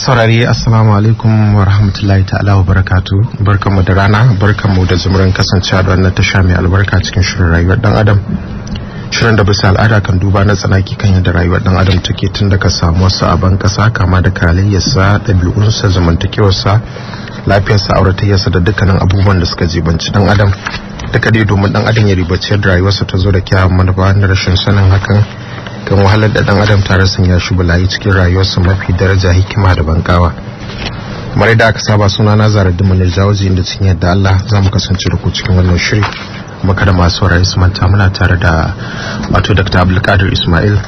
saurari assalamu alaikum wa rahmatullahi ta'ala wa barakatu barkanmu da rana barkanmu da zumurin kasancewa da wannan tasha mai albarka cikin shirin rayuwar dan adam shirin da bisa al'ada kan duba na tsanaki kan yadda rayuwar dan adam take tun daga samuwarsa a ban kasa kama da kalayyarsa ɗabi'unsa zamantakewarsa lafiyarsa auratayyarsa da dukkanin abubuwan da suka jibanci dan adam duka dai domin dan adam ya ribace da rayuwarsa ta zo da kyawun manufa da rashin sanin hakan kan wahalar da dan adam tare sun ya shi bulayi cikin rayuwarsa mafi daraja hikima da bankawa mare da aka saba suna na zara dimma ne inda cikin yadda Allah za mu kasance da ku cikin wannan shiri kuma kada masu su manta muna tare da wato Dr. Abdulkadir Ismail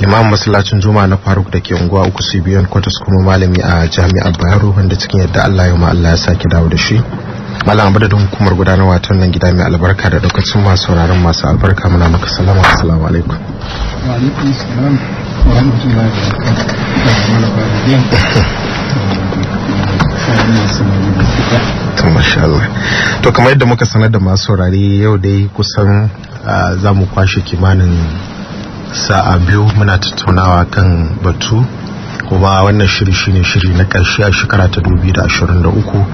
imam masallacin juma'a na faruk da ke unguwa uku su biyan kwatas kuma malami a jami'ar bayero wanda cikin yadda allah ya allah ya sake dawo da shi malam abu da hukumar gudanarwa ta nan gida mai albarka da lokacin masu sauraron masu albarka muna maka salama assalamu alaikum to kamar yadda muka sanar da masu saurari yau dai kusan ah, za mu kwashe kimanin sa'a biyu muna tattaunawa kan batu kuma wannan shiri shine shiri na karshe a shekara ta 2023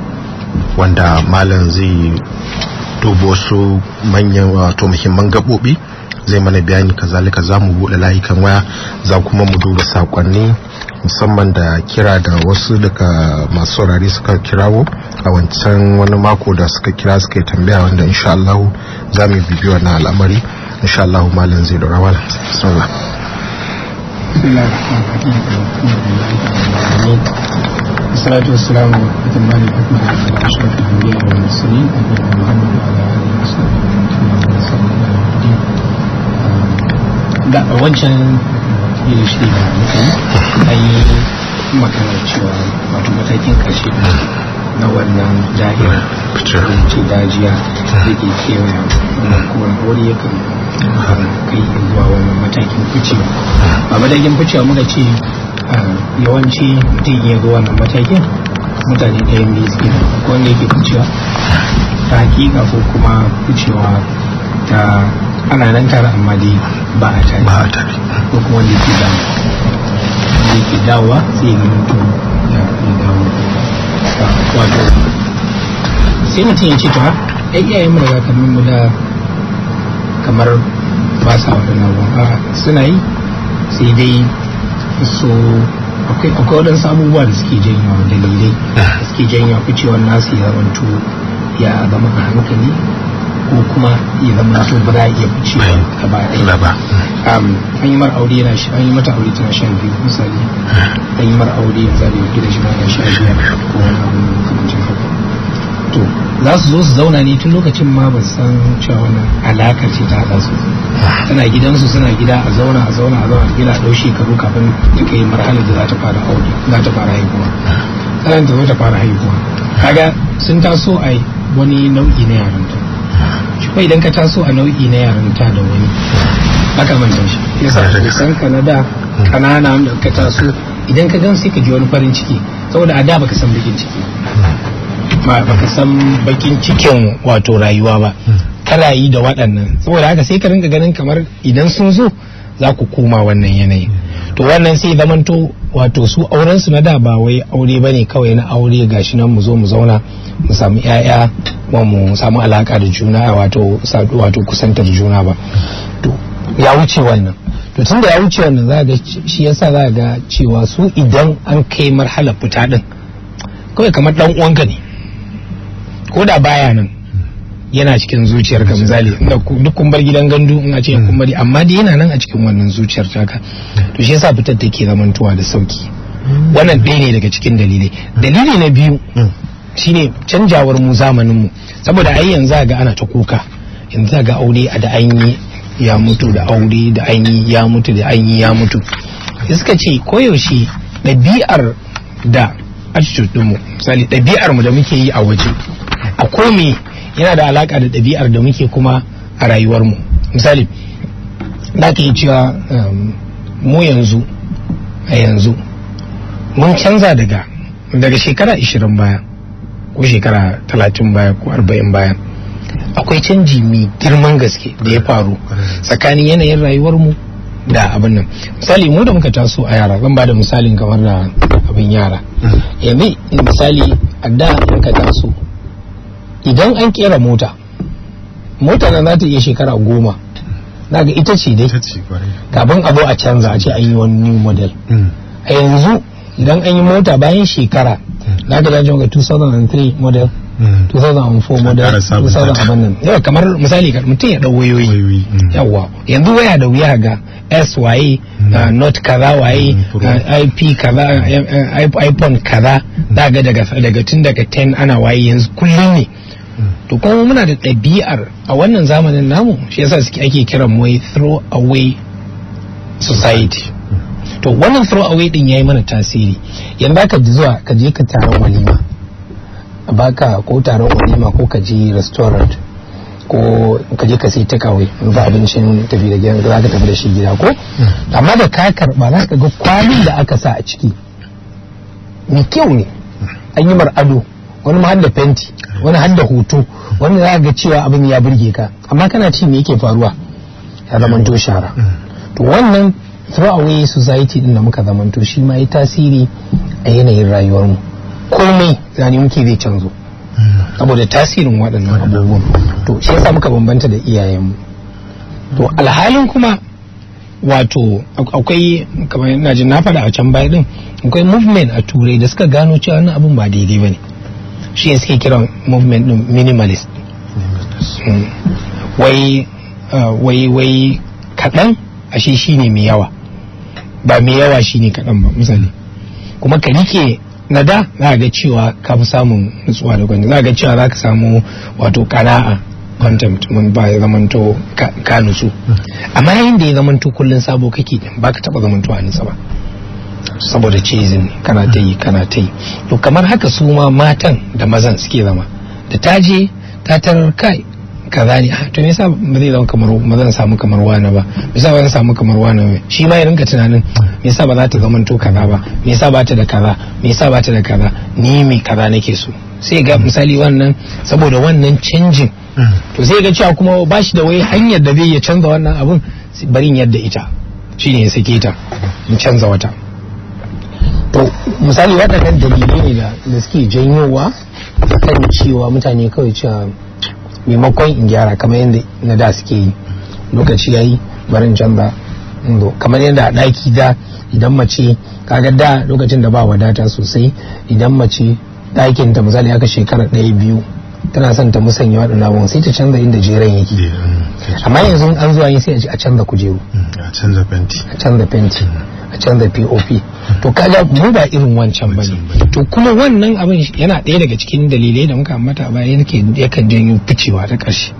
wanda malam zai dubo su manyan wato muhimman gaɓoɓi zai mana bayani kazalika za mu buɗe layukan waya za kuma mu duba sakonni musamman da kira da wasu daga masu saurari suka kirawo a wancan wani mako da suka kira suka yi tambaya wanda insha Allah za mu bibiyo na al'amari insha Allah malam zai dora wala bismillah الصلاة والسلام على رحمة الله وبركاته على أشرف da wancan yin eh, shi da mutum eh, an yi makarar cewa wato matakin na wannan da'ira da ce dajiya hmm. da ke kewaya da hmm. kuma wani yakan kai zuwa wani matakin fice. Hmm. a matakin ficewa muka ce ah, yawanci mutum ya zuwa na matakin mutane da yin biyu wanda yake ficewa ta hakika ko kuma ficewa ta ana nan tare amma dai ba a tare ko kuma wanda yake dawa wanda yake dawowa sai ya mutum wato sai mutum ya ce to ai iyayen mu daga mu da kamar ba sa waɗannan abubuwan suna yi sai dai so akwai akwai waɗansu abubuwa da suke janyo dalilai da ah. suke janyo ficewar nasu ya zamanto ya zama ga hankali ko kuma ya zama so ba za a iya wuce ba ɗaya um, ba an yi mar aure yana shi an yi mata aure tana sha biyu misali hmm. an yi mar aure ya da yake da shi ba yana a biyar ko wani abu makamancin haka to za su zo su zauna ne tun lokacin ma ba san cewa wannan alakar ce ta haɗa su tana hmm. gidansu suna gida a zauna a zauna a zauna gida a ɗau shekaru kafin ta kai marhalar da za ta fara aure za ta fara haihuwa tsananta hmm. ta zo ta fara haihuwa kaga sun taso a wani nau'i na yaranta kuma idan ka taso a nau'i na yarinta da wani aka manta shi yasa san ka na da kanana wanda ka taso idan ka gan ka ji wani farin ciki saboda a da baka san bakin ciki baka san bakin cikin wato rayuwa ba kana yi da waɗannan saboda haka sai ka rinka ganin kamar idan sun zo za ku koma wannan yanayi to wannan sai zamanto wato su auren su na da ba wai aure bane kawai na aure gashi nan mu zo mu zauna mu samu 'ya'ya ba mu samu alaka da juna wato wato kusantar juna ba to ya wuce wannan to tun da ya wuce wannan za ga shi yasa za ga cewa su idan an kai marhalar fita din kawai kamar dan uwanka ne ko da baya nan yana cikin zuciyar ka misali duk kun bar gidan gandu in a ce hmm. kun bari amma dai yana nan a cikin wannan zuciyar taka to shi yasa fitar take zamantuwa da sauki hmm. wannan ɗaya ne daga cikin dalilai dalili na biyu hmm. shine canjawar mu zamanin mu saboda ai yanzu ga ana ta kuka yanzu ga aure a da an yi ya mutu da aure da an ya mutu da an ya mutu suka ce koyaushe ɗabi'ar da attitude ɗinmu misali ɗabi'ar mu da muke yi a waje a komi yana da alaka da ɗabi'ar da muke kuma a rayuwar mu misali da ke cewa um, mu yanzu a yanzu mun canza daga daga shekara 20 baya ko shekara talatin baya ko arba'in baya akwai canji mai girman gaske da ya faru tsakanin yanayin rayuwarmu da abin nan misali mu da muka taso a yara zan ba da misalin kamar da abin yara yanzu misali a da muka taso idan an kera mota mota na za ta iya shekara goma naga ita ce dai kafin abu a canza a ce an yi wani new model mm. a yanzu idan an yi mota bayan shekara na hmm. ga dajin ga 2003 model 2004 hmm. model 2000 abin nan yawa kamar misali ga mutum ya dau wayoyi hmm. yawa yanzu waya da wuya ga s waye uh, not kaza waye uh, ip kaza uh, iphone kaza Da ga daga tun daga 10 ana waye yanzu kullum ne to kuma muna da ɗabi'ar a wannan zamanin namu shi yasa suke ake kiran mu throw away society to wannan throwaway ya yi mana tasiri yanzu ka zuwa ka je ka taro walima baka ko taron walima ko ka je restaurant ko ka je ka sai takeaway ba abincin tafi da gidan za ka tafi da shi gida ko hmm. amma da ka karba za ka ga kwalin da aka sa a ciki mai kyau ne an yi ado wani ma da fenti wani har hoto wani za ga cewa abin ya burge ka amma kana ci me yake faruwa ya zama to shara hmm. to wannan throwaway society din da muka zamanto shi ma yi tasiri a yanayin rayuwarmu komai zane muke zai canzo saboda tasirin waɗannan abubuwan to shi yasa muka bambanta da iyayenmu to alhalin kuma wato akwai kamar ina jin na faɗa a can baya din akwai movement a turai da suka gano cewa wannan abin ba daidai ba ne shi ya suke kiran movement din minimalist hmm. wai uh, wai wai kaɗan ashe shi ne mai yawa ba mai yawa shi ne kaɗan ba misali kuma ka rike na da za ga cewa ka fi samun nutsuwa da kwanci za ga cewa za ka samu wato kana'a contempt mun ba ya zamanto ka nutsu amma yayin da ya zamanto kullum sabo kake ba ka taɓa zamanto a nisa ba saboda cizin kana ta yi kana ta yi to kamar haka su ma matan da mazan suke zama da ta je ta tarar kai kaza ne ah, to me yasa ba zai zama kamar ba zan samu kamar wani ba me yasa ba zan samu kamar wani ba shi ma ya rinka tunanin me yasa ba za ta to kaza ba me yasa ba ta da kaza me yasa ba ta da kaza ni me kaza nake so sai ga misali wannan saboda wannan canjin hmm. to sai ga cewa kuma ba shi da wai hanyar da zai ya canza wannan abun barin yadda ita shine ya sake ta in canza wata to misali waɗannan dalilai ne da suke janyowa kan cewa mutane kawai cewa maimakon in gyara kamar yadda na da suke yi lokaci ya yi barin canza kamar yadda a ɗaki da idan mace kaga da lokacin da ba wadata sosai idan mace ɗakin ta misali aka shekara daya biyu tana son ta musanya waɗannan abubuwan sai ta canza inda jeren yake amma yanzu an zuwa yi sai a canza kujeru mm, a canza fenti mm. a canza pop to kaga mu ba irin wancan ba to kuma wannan abin yana ɗaya daga cikin dalilai da muka mata bayan yake yakan janyo ficewa ta ƙarshe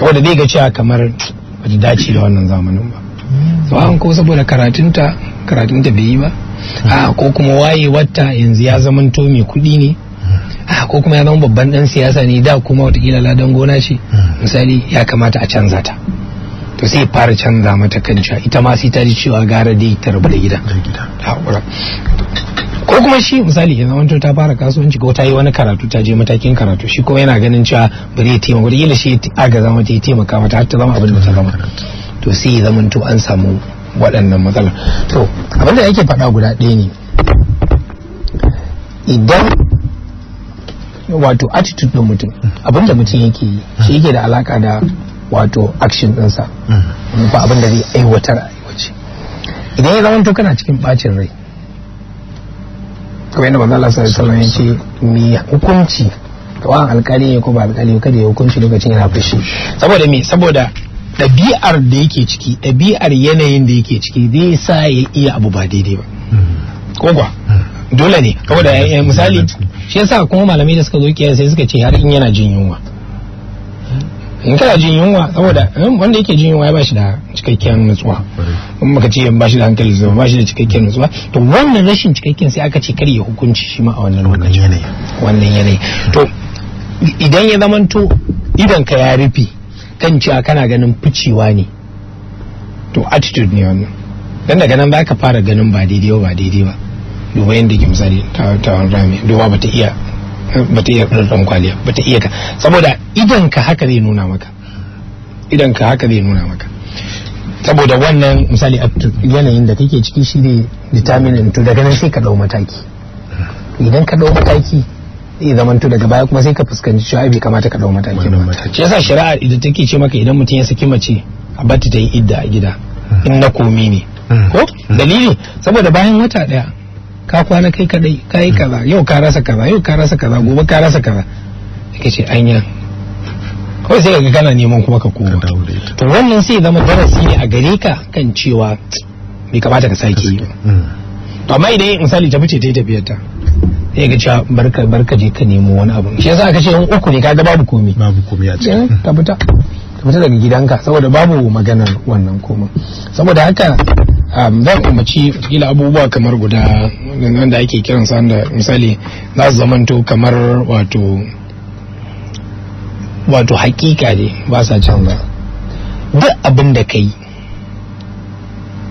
wanda zai ga cewa kamar ba ta dace da wannan zamanin ba to an ko saboda karatunta karatunta bai yi ba a ko kuma wata yanzu ya zama to mai kuɗi ne a ko kuma ya zama babban dan siyasa ne da kuma watakila ladan gona ce misali ya kamata a canza ta to sai fara canza mata kan cewa ita ma sai ta ji cewa gara dai ta rabu da gida ko kuma shi misali yanzu wancan ta fara kasuwanci ko ta yi wani karatu ta je matakin karatu shi kuma yana ganin cewa ba zai taimaka ba yana shi aga zama ta taimaka mata har ta zama abin da ta zama to sai ya to an samu waɗannan matsalar to abin da yake faɗa guda ɗaya ne idan wato attitude ɗin mutum abin da mutum yake yi shi yake da alaka da wato action ɗinsa mm. ba abin da zai aiwatar a aiwace idan ya zamanto kana cikin bacin rai kamar yadda manzo Allah sallallahu alaihi ya ce mai hukunci kawai alkali ne ko ba alkali kada ya hukunci lokacin yana fushi saboda me saboda ɗabi'ar da yake ciki ɗabi'ar yanayin da yake ciki zai sa ya iya abu ba daidai ba mm. kogwa mm. dole ne da eh, misali shi yasa kuma malamai da suka zo kiyar sai suka ce har in yana jin yunwa in kana jin yunwa saboda wanda yake jin yunwa ya bashi da cikakken nutsuwa in maka ce bashi da hankali zama bashi da cikakken nutsuwa to wannan rashin cikakken sai aka ce kar ya hukunci shi ma a wannan lokacin yanayi wannan yanayi to idan ya zamanto idan ka ya rufe kan cewa kana ganin ficewa ne to attitude ne wannan dan daga nan zaka fara ganin ba daidai ba daidai ba duba yadda ke misali ta ta rami duba ta iya ba ta iya ɗan kwaliya ba ta iya ka saboda idan ka haka zai nuna maka idan ka haka zai nuna maka saboda wannan misali yanayin da kake ciki shi ne determinant to daga nan sai ka ɗau mataki idan ka ɗau mataki zai to daga baya kuma sai ka fuskanci cewa bai kamata ka ɗau mataki ba shi yasa shari'a idan take ce maka idan mutum ya saki mace a bata ta yi idda a gida in na komi ne hmm. ko dalili saboda bayan wata daya ka kwana kai kadai ka yi kaza yau ka rasa kaza yau ka rasa kaza gobe ka rasa kaza yake ce anya ko sai ka kana neman kuma ka koma to wannan sai zama darasi ne a gare ka kan cewa bai bata ka saki yi mm. to amma idan misali ta fice ta yi tafiyar ta sai ga cewa barka barka je ka nemo wani abu shi yasa aka ce in uku ne ka ga babu komi babu komi a cikin eh, ka fita ka fita daga gidanka saboda babu maganar wannan komai saboda haka zan umarci kila abubuwa kamar guda wanda ake kiran sa da misali za su zamanto kamar wato wato hakika ne ba sa canza duk abin da ka yi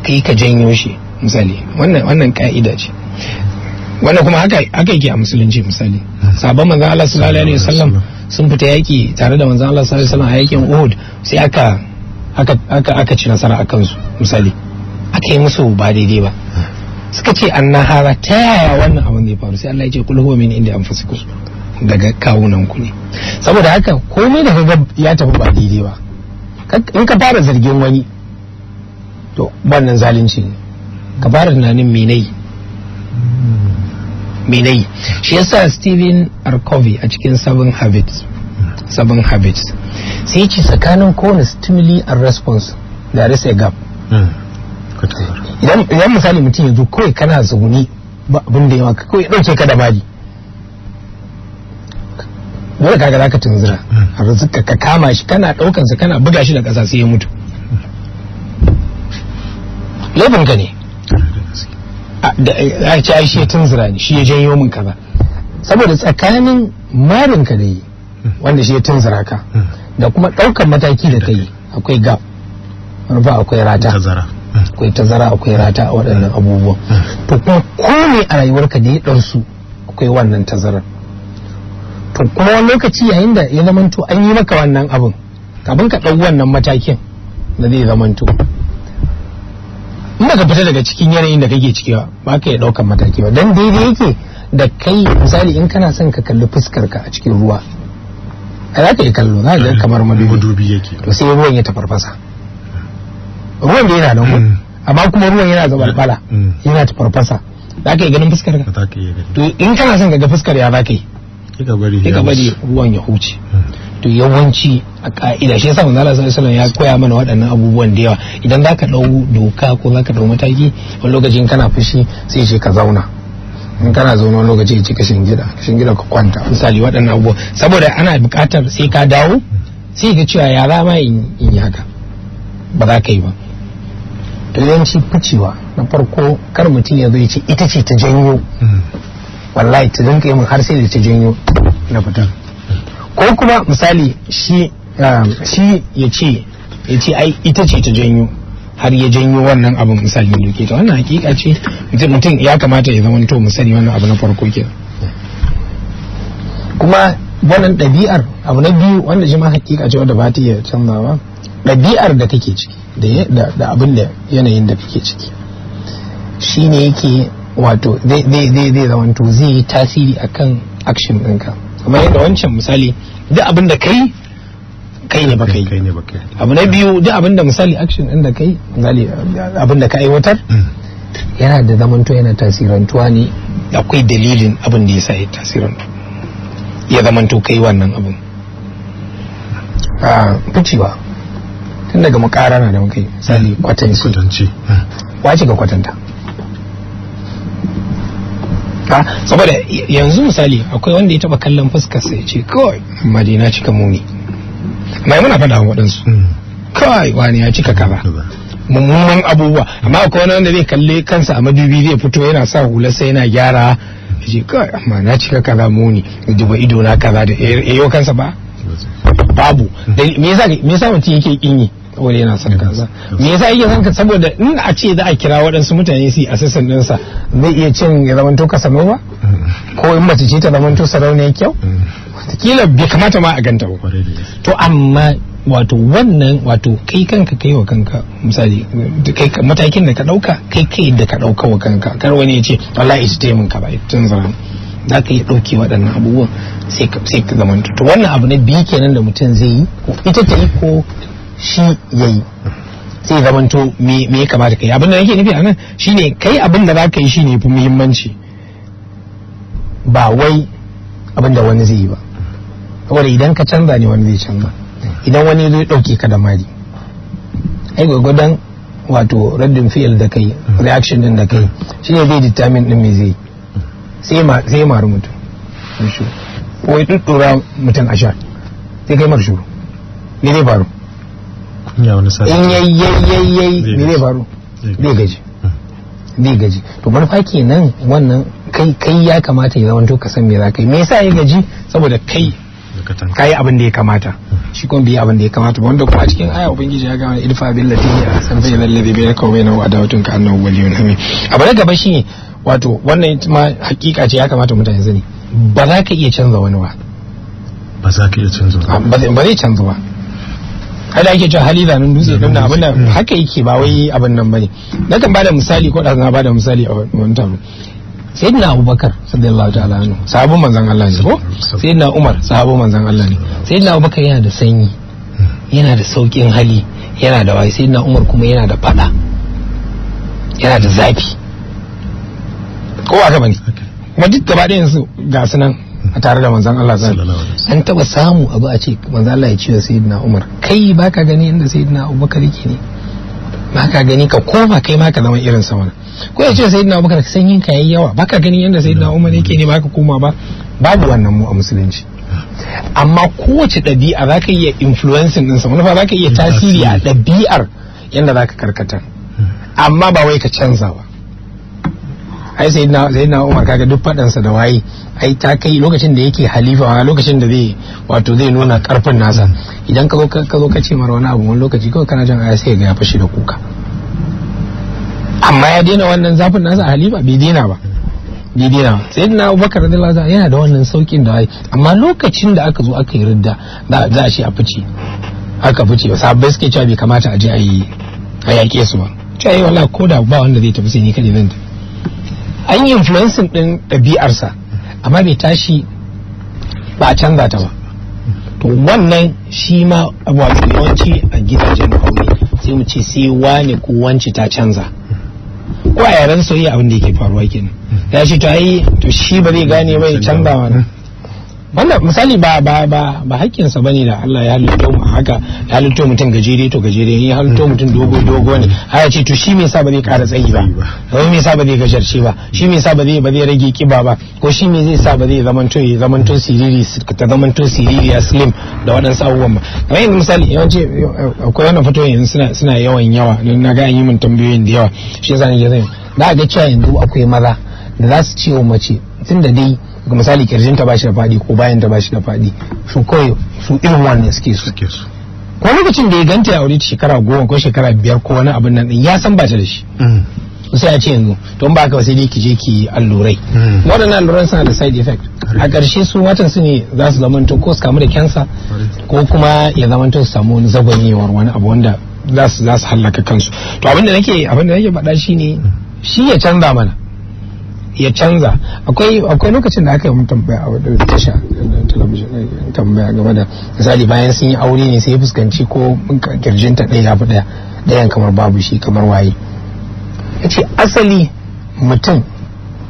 ka yi ka janyo shi misali wannan ka'ida ce wannan kuma haka yake a musulunci misali sabon manzan Allah sallallahu alaihi wasallam sun fita yaki tare da manzan Allah sallallahu alaihi wasallam a yakin Uhud sai aka aka aka ci nasara a kansu misali aka yi musu ba daidai ba suka ce an hara ta yaya wannan abin da ya faru sai Allah ya ce kullu huwa min inda anfusikum daga kawunan ku ne saboda haka komai da kaga ya tafi ba daidai ba in ka fara zargin wani to wannan zalunci ne ka fara tunanin menai menai shi yasa Stephen Arkovi a cikin Seven Habits Seven Habits sai ce tsakanin kowane stimuli and response there is a gap hmm. idan misali mutum ya zo kawai kana zaune ba abin da yawa kawai ɗauke ka da bari dole kaga za ka tunzura har hmm. zuka ka kama shi kana ɗaukansa kana buga shi da ƙasa sai ya mutu laifin ka ne a ce a shi ya tunzura ne shi ya janyo min kaza saboda tsakanin marin ka da yi hmm. wanda shi ya tunzura ka hmm. da kuma ɗaukan mataki da ka yi akwai gab rufa akwai rata akwai tazara akwai rata a waɗannan abubuwan to kuma kome a rayuwarka da ya ɗansu akwai wannan tazarar to kuma lokaci yayin da ya zamanto an yi maka wannan abin kafin ka ɗau wannan matakin da zai zamanto in ka fita daga cikin yanayin da kake ciki ba ka yi ɗaukan mataki ba don daidai yake da kai misali in kana son ka kalli fuskar ka a cikin ruwa a za ka yi kallo za ka kamar madubi yake to sai ruwan ya tafarfasa ruwan da yana nan mm. amma kuma ruwan yana zabalbala mm. mm. yana tafarfasa za ka yi ganin fuskar ka to in kana son ga fuskar ya za ka yi ka bari ruwan ya huce to yawanci a ka'ida shi yasa manzala sallallahu alaihi ya koya mana waɗannan abubuwan da yawa idan zaka dau doka ko zaka dau mataki wani lokacin kana fushi sai ce ka zauna in kana zauna wani lokaci ya ce ka shingida ka shingida ka kwanta misali waɗannan abubuwa saboda ana buƙatar sai ka dawo sai ka cewa yara ma in yi haka ba za ka yi ba yanci ficewa na farko kar mutum ya zai ce ita ce ta janyo wallahi ta zanka yi mun har sai da ta janyo na fita ko kuma misali shi um, shi ya ce ya ce ai ita ce ta janyo har ya janyo wannan abin misali da ke ta wannan hakika ce mutum ya kamata ya zama to misali wannan abu na farko ke kuma wannan ɗabi'ar abu na biyu wanda shi ma hakika ce wanda ba ta iya canzawa ɗabi'ar da take ciki da abin da yanayin da take ciki shi ne yake wato zai zamanto zai yi tasiri akan action ɗinka kuma yadda wancan misali duk abin da kai kai ne baka yi abu na biyu duk abin da misali action ɗin da kai misali abin da ka aiwatar mm. yana da zamanto yana tasirantuwa ne akwai dalilin abin da ya sa ya tasirantu ya zamanto kai wannan abin ah, ficewa tun daga makarana da muka yi misali kwatanci kwatanci hmm. wa ga kwatanta ka saboda yanzu misali akwai wanda ya taba kallon fuskar sai ce kawai madina cika muni mai muna faɗa waɗansu hmm. kawai wani ya cika kaza mummunan abubuwa amma akwai wani wanda zai kalle kansa a madubi zai fito yana sa hula sai yana gyara ji kawai amma na cika kaza muni duba ido na kaza da yayo kansa ba babu me yasa mutum yake kinyi Wani yana son kansa me yasa yake son ka saboda in a ce za a kira waɗansu mutane su yi assistant ɗinsa zai iya cin ya zamanto kasanova ko in mace ce ta to sarauniyar kyau kila bai kamata ma a ganta ba to amma wato wannan wato kai kanka kai wa kanka misali kai matakin da ka dauka kai kai da ka dauka wa kanka kar wani ya ce wallahi ita taimin ka bai tun zara za ka yi dauke waɗannan abubuwan sai ka zama to wannan abu na biyu kenan da mutum zai yi ko ita ta yi ko shi ya yi sai zamanto me me ya kamata kai abin da nake nufi shi shine kai abin da ka yi shi ne fi muhimmanci ba wai abin da wani zai yi ba saboda idan ka canza ne wani zai canza idan wani zai dauke ka da mari ai gwagwadon wato radin fiyal da kai reaction din da kai shi ne zai determine din me zai sai ma mutum ko ya tuttura mutum a sha sai kai mara shuru me zai faru in yayyayyayyayi me zai faru zai gaji zai gaji hmm. to manufa kenan wannan kai kai ya kamata ya zama ka san me za ka yi me yasa ya gaji saboda kai ka yi abin da ya kamata hmm. shi kuma bai abin da ya kamata wanda kuma a cikin aya ubangiji ya gama ilfa bil lati ya san zai lallabe bai ka wai na wa dawatun ka annahu waliyun amin abu na gaba shine wato wannan ma hakika ce ya kamata mutane sani ba za ka iya canza wani ba ba za ka iya canza ba ba zai canza ba kada ake cewa hali zanen dutse din na abin nan haka yake ba wai abin nan bane na kan bada misali ko da kan bada misali a wani taro sayyidina abubakar sallallahu ta'ala anhu sahabban manzon Allah ne ko sayyidina umar sahabban manzon Allah ne sayyidina abubakar yana da sanyi yana da saukin hali yana da wai sayyidina umar kuma yana da fada yana da zafi ko ba ka bane kuma duk gaba ɗayan su ga sunan a tare da manzan Allah an taba samu abu a ce manzan Allah ya ce wa sayyidina Umar kai baka gani inda sayyidina Abubakar yake ne baka gani ka koma kai ma ka zama irin sa ko ya ce sayyidina Abubakar san yin kayan yawa baka gani yanda sayyidina Umar yake ne baka koma ba babu wannan mu a musulunci ah. amma kowace ɗabi'a za ka iya influencing ɗinsa fa za ka iya tasiri a ɗabi'ar yadda za ka karkata hmm. amma ba wai ka canza ba ai sayyidina na Umar kaga duk fadansa da waye ai ta kai lokacin da yake halifa lokacin da zai wato zai nuna karfin nasa idan ka zo ka zo ka ce mar wani abu wani lokaci kawai kana jin ai sai ga ya fashi da kuka amma ya daina wannan zafin nasa a halifa bai daina ba bai daina sayyidina Abubakar radiyallahu anhu yana da wannan saukin da waye amma lokacin da aka zo aka yi ridda za a shi a fice aka fice bai suke cewa bai kamata a je a yi a yaƙe su ba cewa yi eh, ko da ba wanda zai tafi sai ni kadai zan an yi influencing din ɗabi'arsa amma bai tashi ba a canza ta ba to wannan shi ma wato yawanci a gidajen aure sai mu ce sai wani ko ta canza ko a yaren soyayya abin da yake faruwa kenan ya ce to yi to shi ba zai gane bai canza wannan Wanda misali ba ba ba ba hakkinsa bane da Allah ya halitto mu haka ya halitto mutum gajere to gajere ya halitto mutum dogo dogo ne haya ce to shi me yasa ba zai ƙara tsayi ba ko me yasa ba zai gajarce ba shi me yasa ba zai ba zai rage kiba ba ko shi me zai sa ba zai zamanto ya to siriri ta to siriri ya slim da waɗansu abubuwan ba kamar yanzu misali yawanci akwai wannan yanzu suna suna yawan yawa don na ga an yi min tambayoyin da yawa shi yasa ne ke zai da ga cewa yanzu akwai maza da za su ce wa mace tun da dai ga misali kirjin ta bashi da fadi ko bayan ta bashi da fadi su kawai su irin wannan suke su suke su ko lokacin da ya ganta ya aure shekara goma ko shekara biyar ko wani abin nan ya san bata da shi mm. sai a ce yanzu to ba ka sai dai ki je ki allurai mm. waɗannan alluran suna da side effect a ƙarshe su watan su ne za su to ko su kamu da kyansa ko kuma ya to su samu wani wani abu wanda za su hallaka kansu to abin da nake abin da nake faɗa shine mm. shi ya canza mana ya canza akwai akwai lokacin da aka yi tambaya a wadda tasha talabijin eh, tambaya game da misali bayan sun yi aure ne sai fuskanci ko kirjinta ɗaya ya fi ɗaya ɗayan kamar babu shi kamar waye ya ce asali mutum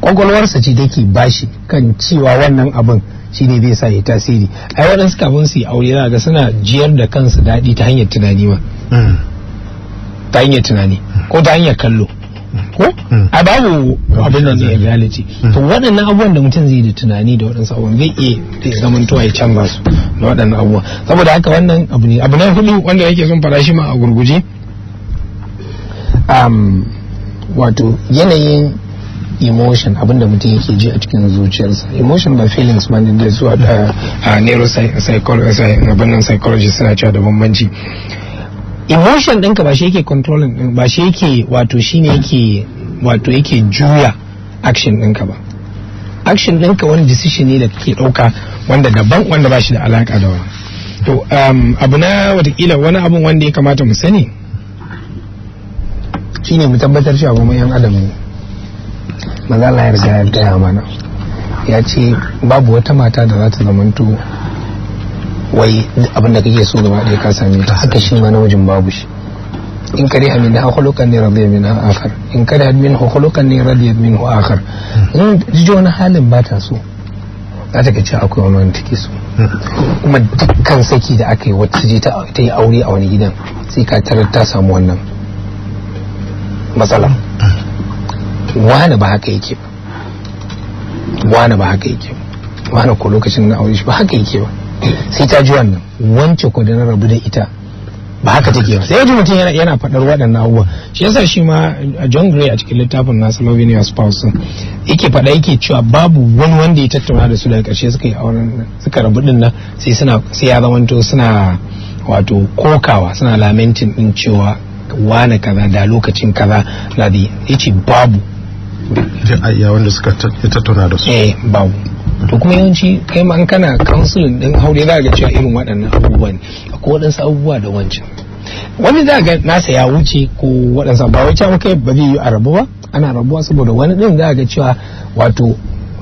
kwakwalwarsa ce da ke bashi kan cewa wannan abin shine zai sa ya tasiri ai waɗansu kafin su yi aure za ga suna jiyar da kansu daɗi ta hanyar tunani ma hmm. ta hanyar tunani ko ta hanyar kallo ko hmm. a babu abin da ne reality hmm. to waɗannan abubuwan da mutum zai da tunani da waɗansu abubuwan zai iya da yi can canza su da waɗannan abubuwan saboda haka wannan abu ne abu na hudu wanda yake son fara shi ma a gurguje wato yanayin emotion abinda mutum yake ji a cikin zuciyarsa emotion ba feelings ba ne da zuwa da neuropsychologist suna cewa da bambanci emotion ɗinka ba shi yake controlling ba shi yake wato shine yake wato yake juya action ɗinka ba action ɗinka wani decision ne da kake ɗauka wanda daban wanda ba shi da alaka da wani to um, abu na watakila wani abu wanda ya kamata mu sani shine mu tabbatar cewa mu yan adam ne maza Allah ya riga ya mana ya ce babu wata mata da za ta zamanto wai abin da kake so gaba ɗaya ka same ta haka shi ma namijin babu shi in kare amin da akhluqan ne radiya min akhar in kare amin akhluqan ne radiya min akhar in ji wani halin ba ta so za ta kace akwai wani wani take so kuma dukkan saki da aka yi wacce je ta yi aure a wani gidan sai ka tarar ta samu wannan matsala wani ba haka yake ba wani ba haka yake ba wani ko lokacin na aure shi ba haka yake ba sai ta ji wannan wance ko da na rabu da ita ba haka take ba sai ji mutum yana yana faɗar waɗannan abubuwa shi yasa shi ma uh, John Gray a cikin littafin nasa Loving Your Spouse yake faɗa yake cewa babu wani wanda ya tattauna da su daga ƙarshe suka yi auren suka rabu din nan sai suna sai ya zamanto suna wato kokawa suna lamentin din cewa wane kaza da lokacin kaza da yace babu ya wanda suka tattauna da su eh babu to kuma yawanci kai ma kana kansulin din haure za ga cewa irin waɗannan abubuwa ne akwai waɗansu abubuwa da wancan wani za ga nasa ya wuce ko waɗansu ba wai cewa kai ba zai yi a rabuwa ba ana rabuwa saboda wani din za ga cewa wato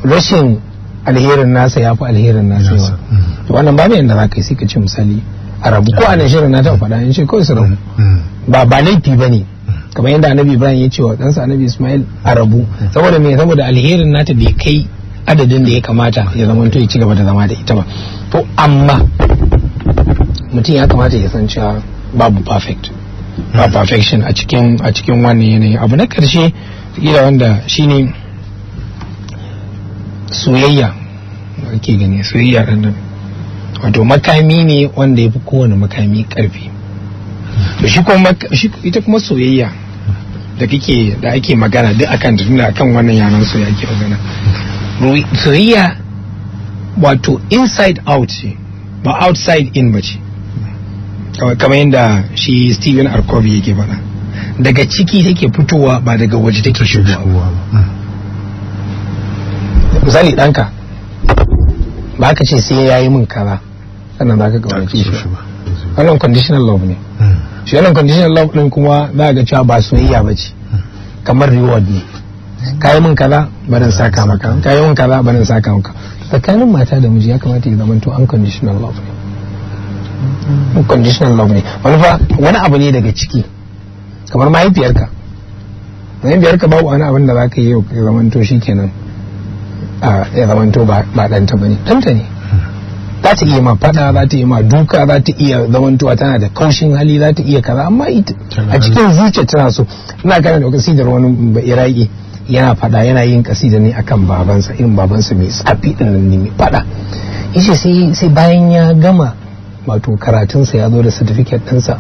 rashin alherin nasa ya fi alherin nasa yawa mm. to wannan mai yadda za ka yi sai ka ce misali a rabu ko a shirin na ta faɗa in ce kawai su rabu mm. Mm. ba ba laifi ba ne kamar yadda annabi ibrahim ya ce wa ɗansa annabi ismail a rabu saboda me saboda alherin nata bai kai adadin da ya kamata ya zama ya ci gaba da zama da ita ba to amma mutum ya kamata ya san cewa babu perfect ba hmm. perfection a cikin a cikin wannan yanayi abu na karshe kila wanda shine soyayya ake gani soyayya ɗan wato makami ne wanda ya fi kowane makami karfi to shi kuma ita kuma soyayya da kake da ake magana duk akan tunda akan wannan yaran soyayya ake magana riya wato inside out ba outside in ba ce kamar yadda shi steven arkobi yake faɗa daga ciki take fitowa ba daga waje take shigowa misali ɗanka ba ka ce sai ya yi min kaza sannan ba ka ga shi wannan conditional love ne hmm. shi wannan conditional love ɗin kuma za ga cewa ba soyayya ba ce hmm. kamar reward ne kayi min kaza barin saka maka kayi min kaza barin saka maka tsakanin mata da miji ya kamata ya zama to unconditional love ne unconditional love ne wani fa wani abu ne daga ciki kamar mahaifiyarka mahaifiyarka babu wani abin da za ka yi ya zama to shi kenan ya zama to ba ɗanta ba ne ɗanta ne za ta iya ma fada za ta iya ma duka za ta iya zamantowa tana da kaushin hali za ta iya kaza amma ita a cikin zuciya tana so ina kana da kasidar wani iraki yana fada yana yin kasida ne akan babansa irin babansa mai tsafi din nan ne fada yace sai sai bayan ya gama wato karatunsa ya zo da certificate ɗinsa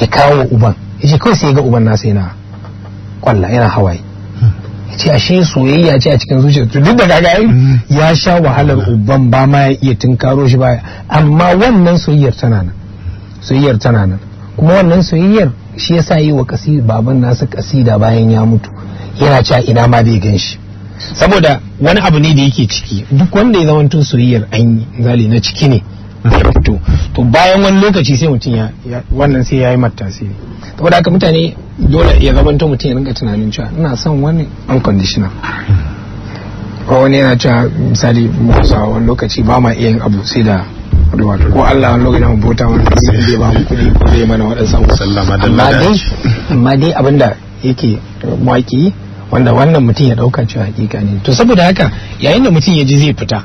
ya kawo uban yace kawai sai ya ga uban nasa yana kwalla yana hawaye ce ashe soyayya ce a cikin zuciya to duk da kaga ya sha wahalar uban ba ma ya iya tunkaro shi ba amma wannan soyayyar tana nan soyayyar tana nan kuma wannan soyayyar shi yasa yi wa kasi baban nasa kasida bayan ya mutu yana cewa ina ma bai gan shi saboda wani abu ne da yake ciki duk wanda ya zama tun soyayyar an yi zali na ciki ne to to bayan wani lokaci sai mutum ya wannan sai ya yi saboda haka mutane dole ya zamanto mutum ya rinka tunanin cewa ina son wani unconditional ko wani yana cewa misali musa wani lokaci ba ma iya yin abu sai da ko Allah wani lokacin mu bota wani sai dai ba mu kudi ko zai mana waɗansu abu sallama amma dai amma dai abinda yake waki wanda wannan mutum ya ɗauka cewa hakika ne to saboda haka yayin da mutum ya ji zai fita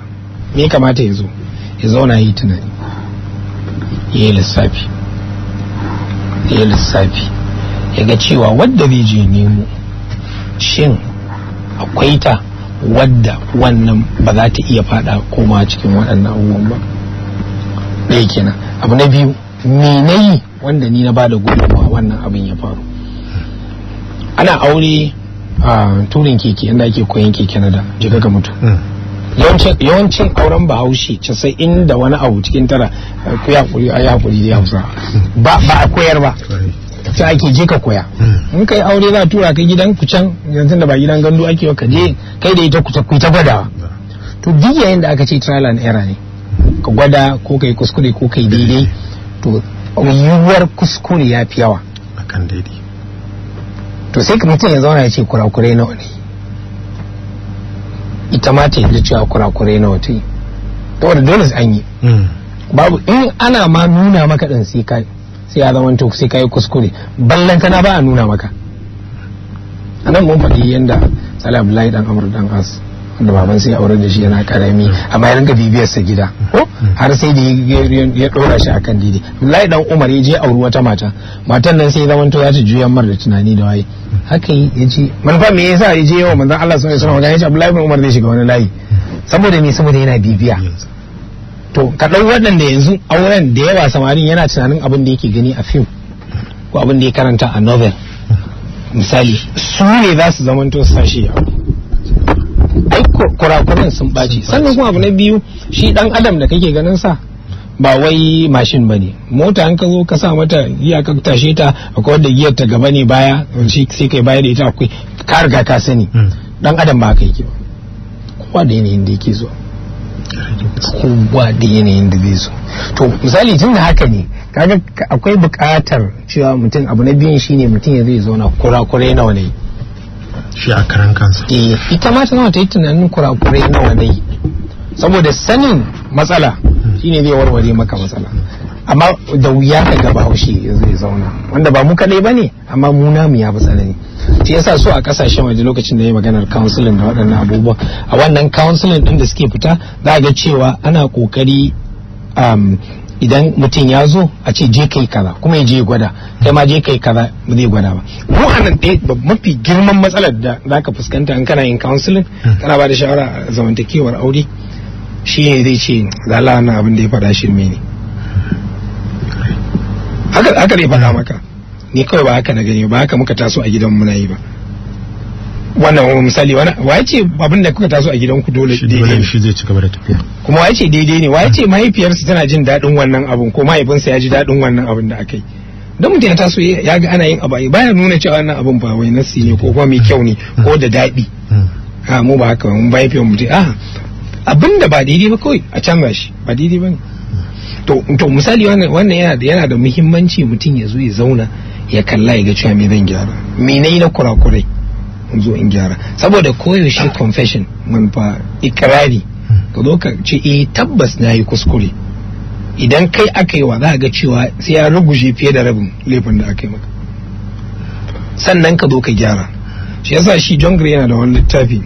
me kamata ya zo ya zauna yi tunani ya yi lissafi ya yi lissafi ya ga cewa wadda zai je nemo shin akwai ta wadda wannan ba za ta iya fada koma cikin waɗannan abubuwan ba ɗaya kenan abu na biyu me na yi wanda ni na ba da gudunmawa wannan abin ya faru ana aure a turin keke inda ake koyan keke na da jika ga mutu. Hmm. yawancin auren bahaushe casa'in da wani abu cikin tara ku ya kuri a hakuri da hausa ba a koyar ba ta ake je ka koya hmm. in kai aure za a tura ka gidan ku can yanzu da ba gidan gandu ake ka je kai da ita ku ta gwadawa to duk yayin da aka ce trial and error ne ka gwada ko kai kuskure ko kai daidai to yiwuwar kuskure ya fi yawa akan daidai to sai ka mutum ya zauna ya ce kurakure nawa ne ita ma ta yi cewa kurakurai nawa ta yi saboda dole an yi hmm. babu in ana ma nuna maka din sai ka sai ya zama to sai ka yi kuskure ballan kana ba a nuna maka anan mun faɗi yanda salam lai dan amur dan as da baban sai auren da shi yana karami amma ya rinka bibiyar sa gida ko har sai da ya dora shi akan dide Abdullahi dan Umar ya je auri wata mata matan nan sai zamanto ya ci juyan mar da tunani da waye yi ya ce manufa me yasa ya je yawa manzon Allah sallallahu alaihi wasallam ya ce Abdullahi ibn Umar zai shiga wani layi saboda me saboda yana bibiya to ka waɗanda yanzu auren da yawa samarin yana tunanin abin da yake gani a fim ko abin da ya karanta a novel misali su ne za su zamanto sashi aure kurakuran sun ɓaci sannan kuma abu na biyu shi dan adam da kake ganin sa ba wai mashin bane mota an ka zo ka sa mata giya ka tashe ta akwai wadda giyar ta gaba ne baya shi sai kai baya da ita akwai ka riga ka sani dan hmm. adam ba kai ke ba kowa da yanayin da yake zo kowa da yanayin da zai zo to misali tun da haka ne kaga akwai bukatar cewa mutum abu na biyun shine mutum ya zai zauna kurakurai nawa ne shi a karan kansa eh ita ma tana ta yi tunanin kurakurai nawa ne saboda sanin matsala hmm. shine zai warware maka matsala amma da wuya ka ga bahaushe zai zauna wanda ba mu ba ne amma mu namu ya fi tsanani Ta yasa so a ƙasashen waje lokacin da ya maganar counseling da waɗannan abubuwan a wannan counseling ɗin da suke fita za a ga cewa ana ƙoƙari. Um, idan mutum ya zo a ce je kai kaza kuma ya je gwada kai ma je kai kaza ba zai gwada ba wa'annan ɗaya mafi girman matsalar da zaka fuskanta in kana yin counseling hmm. kana ba da shawara a zamantakewar aure shi ne zai ce zala wannan abin da ya faɗa shi ne haka haka ne faɗa maka ni kawai ba haka na gani ba haka muka taso a gidan muna yi ba wannan misali wani wa ya ce abin da kuka taso a gidanku dole daidai ne shi zai ci gaba da tafiya kuma wa ya ce daidai ne wa ya ce hmm. mahaifiyarsa tana jin daɗin wannan abun ko mahaifinsa ya ji daɗin wannan abun da aka yi don mutum ya taso ya ga ana yin abu ya nuna cewa wannan abin ba wai nasi ne ko kuma mai kyau ne ko da daɗi hmm. ha mu ba haka mun mahaifiyar mutum a ah, abin da ba daidai ba kawai a canza shi ba daidai ba ne to misali wannan yana da yana da muhimmanci mutum ya zo ya zauna ya kalla ya ga cewa me zan gyara me na kurakurai in zo in gyara saboda koyaushe confession fa ikirari ka zo ka ce eh tabbas na yi kuskure idan kai aka yi wa za ga cewa sai ya ruguje fiye da rabin laifin da aka yi maka sannan ka zo ka gyara shi yasa shi John Gray yana da wani littafi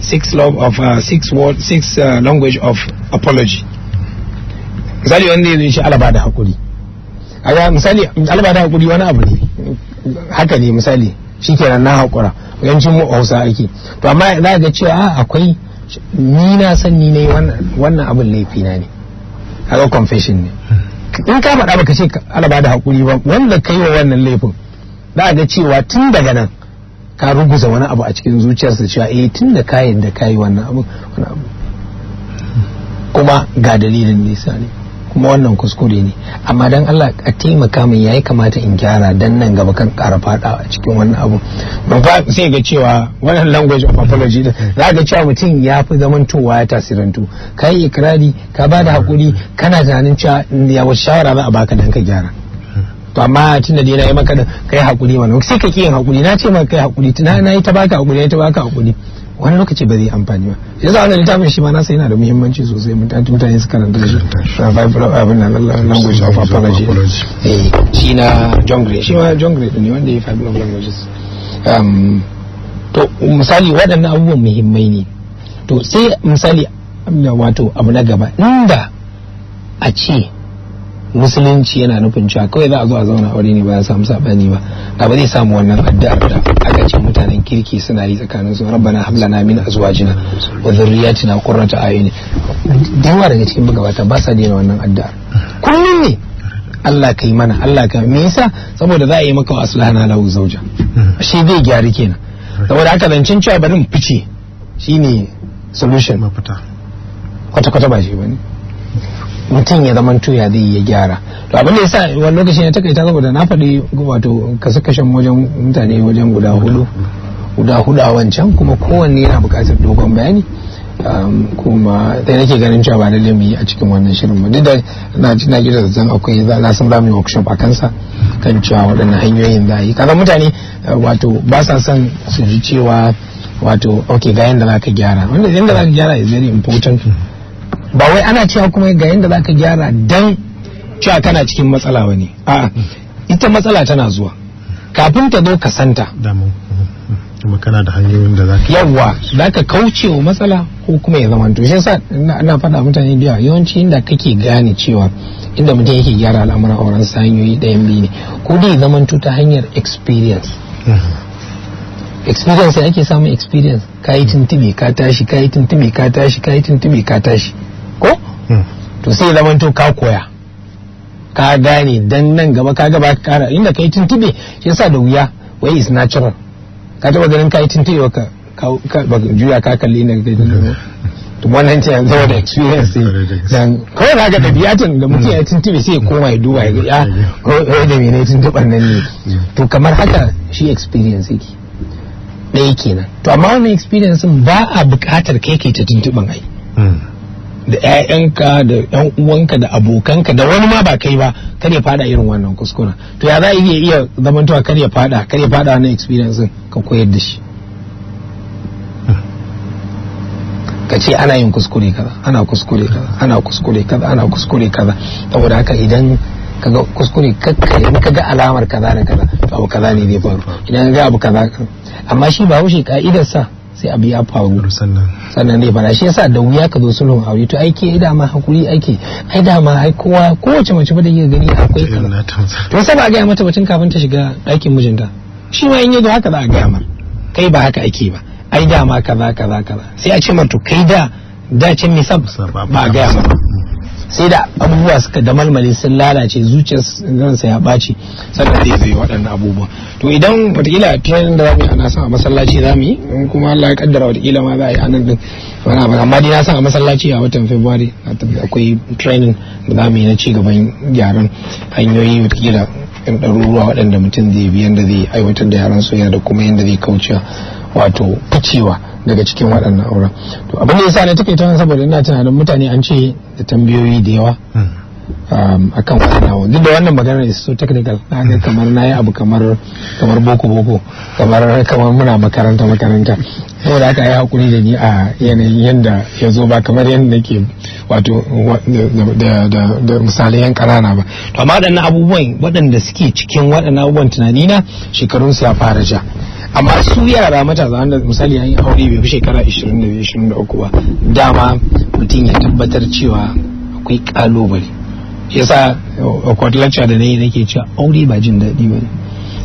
six love of uh, six word six uh, language of apology misali wanda ya shi alaba da hakuri a misali alaba da hakuri wani abu ne haka ne misali shikenan na haƙura yancin mu hausa ake to amma za ga cewa ah, akwai ni na san ni ne wannan abin laifi na ne ga confession ne in ka faɗa baka ce alaba da haƙuri ba wanda kai wa wannan laifin za ga cewa tun daga nan ka ruguza wani abu a cikin zuciyarsa cewa eh tun da ka da ka yi wannan abu kuma ga dalilin nisa ne kuma wannan kuskure ne amma dan Allah a taimaka min yayi kamata in gyara dan nan gaba kan ƙara fada a cikin wannan abu ba fa sai ga cewa wannan language of apology da za ga cewa mutum ya fi zamantowa ya tasirantu kai ikrari ka ba da hakuri kana tunanin cewa ya wasu shawara za a baka dan ka gyara to amma tunda dai na yi maka kai hakuri wannan sai ka ki yin hakuri na ce maka kai hakuri ta baka hakuri na yi ta baka hakuri wani lokaci ba zai amfani ba ya za wani littafin shi ma nasa yana da muhimmanci sosai mutane su karanta shi abin na language of apology eh, shi na john gray shi ma john gray ne wanda ya five of languages um, to misali waɗannan abubuwan muhimmai ne to sai misali wato abu na gaba inda a ce musulunci yana nufin cewa kawai za a zo a zauna aure ne ba ya samu sabani ba da ba zai samu wannan addu'ar da aka ce mutanen kirki suna yi tsakanin su rabbana hablana min azwajina wa dhurriyyatina qurrata ayuni da yawa daga cikin bugawata ba sa daina wannan addu'ar kullum ne Allah kai mana Allah ka me yasa saboda za a yi maka aslahana lahu zauja shi zai gyara kenan saboda haka cin cewa bari mu fice shine solution mafita kwata-kwata ba shi bane mutum ya zama tuya zai ya gyara to abin da ya sa wani lokaci ne takaita saboda na faɗi wato kasa kashen wajen mutane wajen guda hudu guda hudu a wancan kuma kowanne yana buƙatar dogon bayani kuma sai nake ganin cewa ba lalle mu yi a cikin wannan shirin mu duk da na ji na zan akwai za na san bamu workshop a kansa kan cewa waɗannan hanyoyin za a yi kaza mutane eh, wato ba sa son su ji cewa wato okay ga yadda za ka gyara wanda yadda za ka gyara is very important ba wai ana cewa kuma ga yadda zaka gyara dan cewa kana cikin matsala ba ne a ita matsala tana zuwa kafin ta zo ka santa kuma kana da hanyoyin da za ka yawa za ka kauce wa matsala ko kuma ya zama to shi yasa ina faɗa mutane biya yawanci inda kake gane cewa inda mutum yake gyara al'amuran auren sa hanyoyi ɗayan biyu ne ko dai zama ta hanyar experience mm-hmm. experience ake samun experience ka yi tuntube ka tashi ka yi tuntube ka tashi ka yi tuntube ka tashi ko hmm. to sai zaman to ka koya ka gane dan nan gaba ka gaba ka kara inda kai tuntube shi yasa da wuya wai is natural ka taba ganin kai tuntube ka ka juya ka kalli inda kai tuntube to wannan ce yanzu da experience dan kawai kaga dabi'atan da muke ya tuntube sai koma ya duba ya ah, ko da mene tuntuban nan ne to kamar haka shi experience yake ɗaya kenan to amma wannan experience ba a buƙatar kai kai ta tuntuban ai hmm. da ƴaƴanka da ƴan uwanka da abokanka da wani ma ba kai ba kar ya fada irin wannan kuskure to ya za a iya iya zamantawa kar ya fada kar ya fada wannan experience ka koyar da shi ka ce ana yin kuskure kaza ana kuskure kaza ana kuskure kaza ana kuskure kaza saboda haka idan ga kuskure kakka idan ga alamar kaza da kaza to abu kaza ne zai faru idan ga abu kaza amma shi ba wuce ka'idar sa sai abu ya faru sannan ne fara shi yasa da wuya ka zo sulhun aure to aiki ai dama hakuri aiki ai dama ai kowa kowace mace ba da yake gani akwai kaza to sai ba ga mata batun kafin ta shiga ɗakin mijinta shi ma in yi haka za a ga mar kai ba haka ake ba ai dama kaza kaza kaza sai a ce mar to kai da da can ba ga mar sai da abubuwa suka damalmale sun lalace zuciyar zansa ya ɓaci sannan zai zai waɗannan abubuwa to idan wataƙila fiyan da zamu yi ana sa a masallaci zamu yi in kuma Allah ya kaddara wataƙila ma za a yi anan din wani abu amma dai na sa a masallaci a watan February akwai training da zamu yi na ci gaban gyaran hanyoyi wataƙila yan ɗaruruwa waɗanda mutum zai bi yadda zai aiwatar da yaran soyayya da kuma yadda zai kaucewa wato ficewa daga cikin waɗannan auren to abin da yasa ne take tunan saboda ina tunanin mutane an ce da tambayoyi da yawa hmm. um, akan wannan duk da wannan magana is so technical na ga kamar yi abu kamar kamar boko boko kamar kamar muna makaranta makaranta saboda aka yi hakuri da ni a yanayin yanda ya zo ba kamar yanda nake wato da misalai yan ƙanana ba to amma waɗannan abubuwan waɗanda suke cikin waɗannan abubuwan tunanina shekarun su ya fara ja amma su yara matasa wanda misali yayin aure bai fi shekara 22-23 ba dama mutum ya tabbatar cewa akwai kalubale yasa a lecture da nayi nake cewa aure ba jin daɗi ba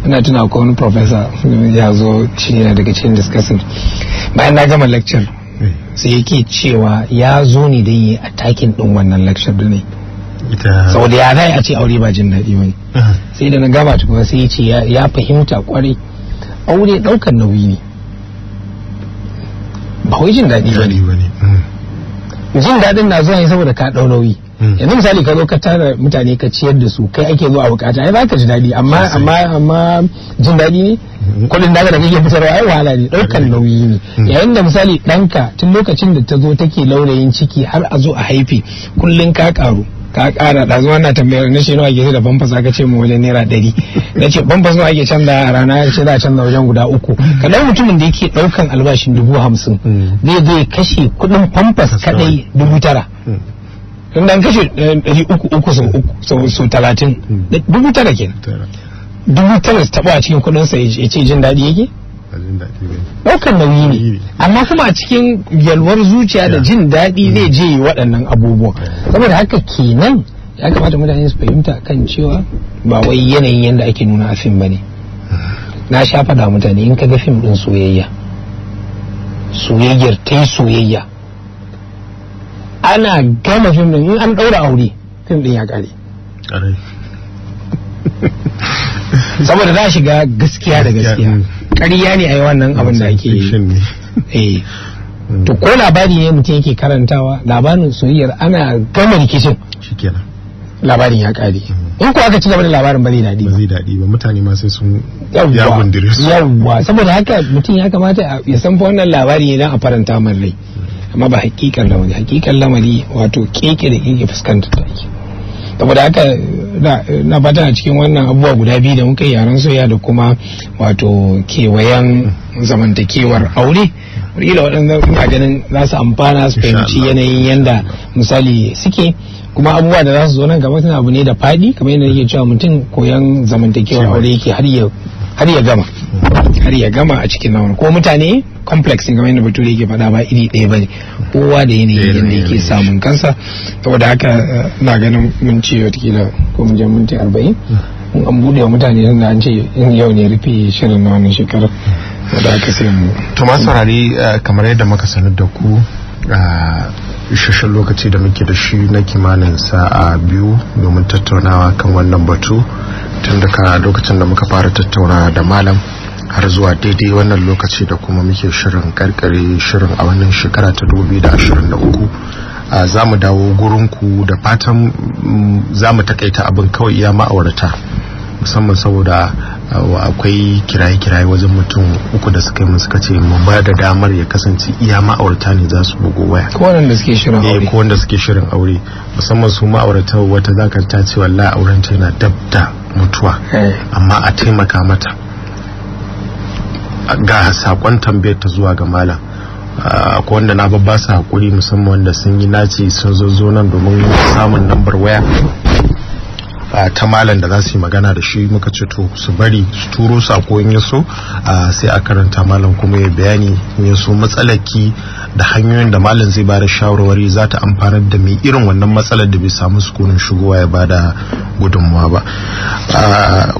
ina tuna ko wani professor ya zo shi yana daga cikin discussing bayan na gama lecture eh. sai yake cewa ya zo ne don yi attacking din wannan lecture da ne saboda ya zai a ce aure ba jin daɗi ba sai da na gama tukuna sai ya ce ya fahimta kwarai aure ɗaukan nauyi ne ba wai jin daɗi ba ne jin hmm. daɗin na zuwa ne saboda ka ɗau nauyi hmm. yanzu misali ka zo ka tara mutane ka ciyar da su kai ake zuwa bukata ai ka ji daɗi amma amma amma jin daɗi ne hmm. kuɗin daga da kake fitarwa ai wahala ne ɗaukan nauyi ne yayin da misali ɗanka tun lokacin da ta zo take launayin ciki har a zo a haife kullun ka ƙaru ka kara da zuwa na tambayar na ce nawa ke da pampers aka ce mu wajen naira ɗari na ce pampers nawa ake canza a rana ya ce za a canza wajen guda uku Kadan mutumin da yake ɗaukan albashin dubu hamsin zai zai kashe kuɗin pampers kaɗai dubu tara in dan kashe eh, ɗari uku uku sau uku sau talatin hmm. dubu tara kenan dubu tara taɓa a cikin kuɗinsa ya ce jin daɗi yake daukan nauyi ne amma kuma a cikin yalwar zuciya da jin daɗi zai je waɗannan abubuwan saboda haka kenan ya kamata mutane su fahimta kan cewa ba wai yanayin yadda ake nuna a fim bane na sha faɗa mutane in ka ga fim ɗin soyayya soyayyar ta yi soyayya ana gama fim ɗin in an ɗaura aure fim ɗin ya ƙare saboda za shiga gaskiya da gaskiya mm. ƙarya ne a yi wannan abin da ake yi eh. to ko labari ne mutum yake karantawa labarin soyayyar ana gama rikicin shikenan labarin ya kare mm. in ko aka ci gaba da labarin ba zai daɗi ba zai daɗi ba mutane ma sai sun ya gundure su yawwa saboda haka mutum ya kamata ya san fa wannan labari ne dan a faranta man rai amma ba hakikan lamari hakikan lamari wato keke da keke fuskantar take saboda haka na fata a cikin wannan abubuwa guda biyu da muka yaren soya da kuma wato kewayen zamantakewar aure wadanda waɗanda ina ganin za su amfana su fahimci yanayin yanda misali suke kuma abubuwa da za su zo nan gaba tana abu ne da faɗi kamar yadda yake cewa mutum koyan zamantakewar aure yake har ya gama har ya gama a cikin naman ko mutane complex in kamar yadda bature yake faɗa ba iri ɗaya bane kowa da yanayi yadda yake samun kansa saboda haka eh, na ganin mun ce watakila ko mun je minti arba'in in an buɗe wa mutane sun an ce in yau ne rufe shirin na wannan shekarar wadda aka sai mu to ma eh, kamar yadda muka sanar da ku eh, isasshen lokaci da muke da shi na kimanin sa'a biyu domin tattaunawa kan wannan batu tun daga lokacin da muka fara tattaunawa da malam har zuwa daidai wannan lokaci da kuma muke shirin karkare shirin a wannan shekara ta 2023 za mu dawo gurinku da fatan mm, za mu takaita abin kawai ya ma'aurata musamman saboda akwai kiraye-kiraye wajen mutum uku da suka yi suka ce mu ba da damar ya kasance iya ma'aurata ne za su bugu waya ko wanda suke shirin eh, aure ko suke shirin aure musamman su ma'aurata wata zakanta ce wallahi auren ta yana dab da mutuwa eh. amma a taimaka mata ga sakon tambayar ta zuwa ga malam ah, ko wanda na babba su hakuri musamman wanda sun yi naci sun zo nan domin samun lambar waya ta malam da za su yi magana da shi muka ce to su bari su turo sako in yaso sai a karanta malam kuma ya bayani in yaso matsalaki da hanyoyin da malam zai bada shawarwari za ta amfanar da mai irin wannan matsalar da bai samu sukunin shigowa ya bada gudunmuwa ba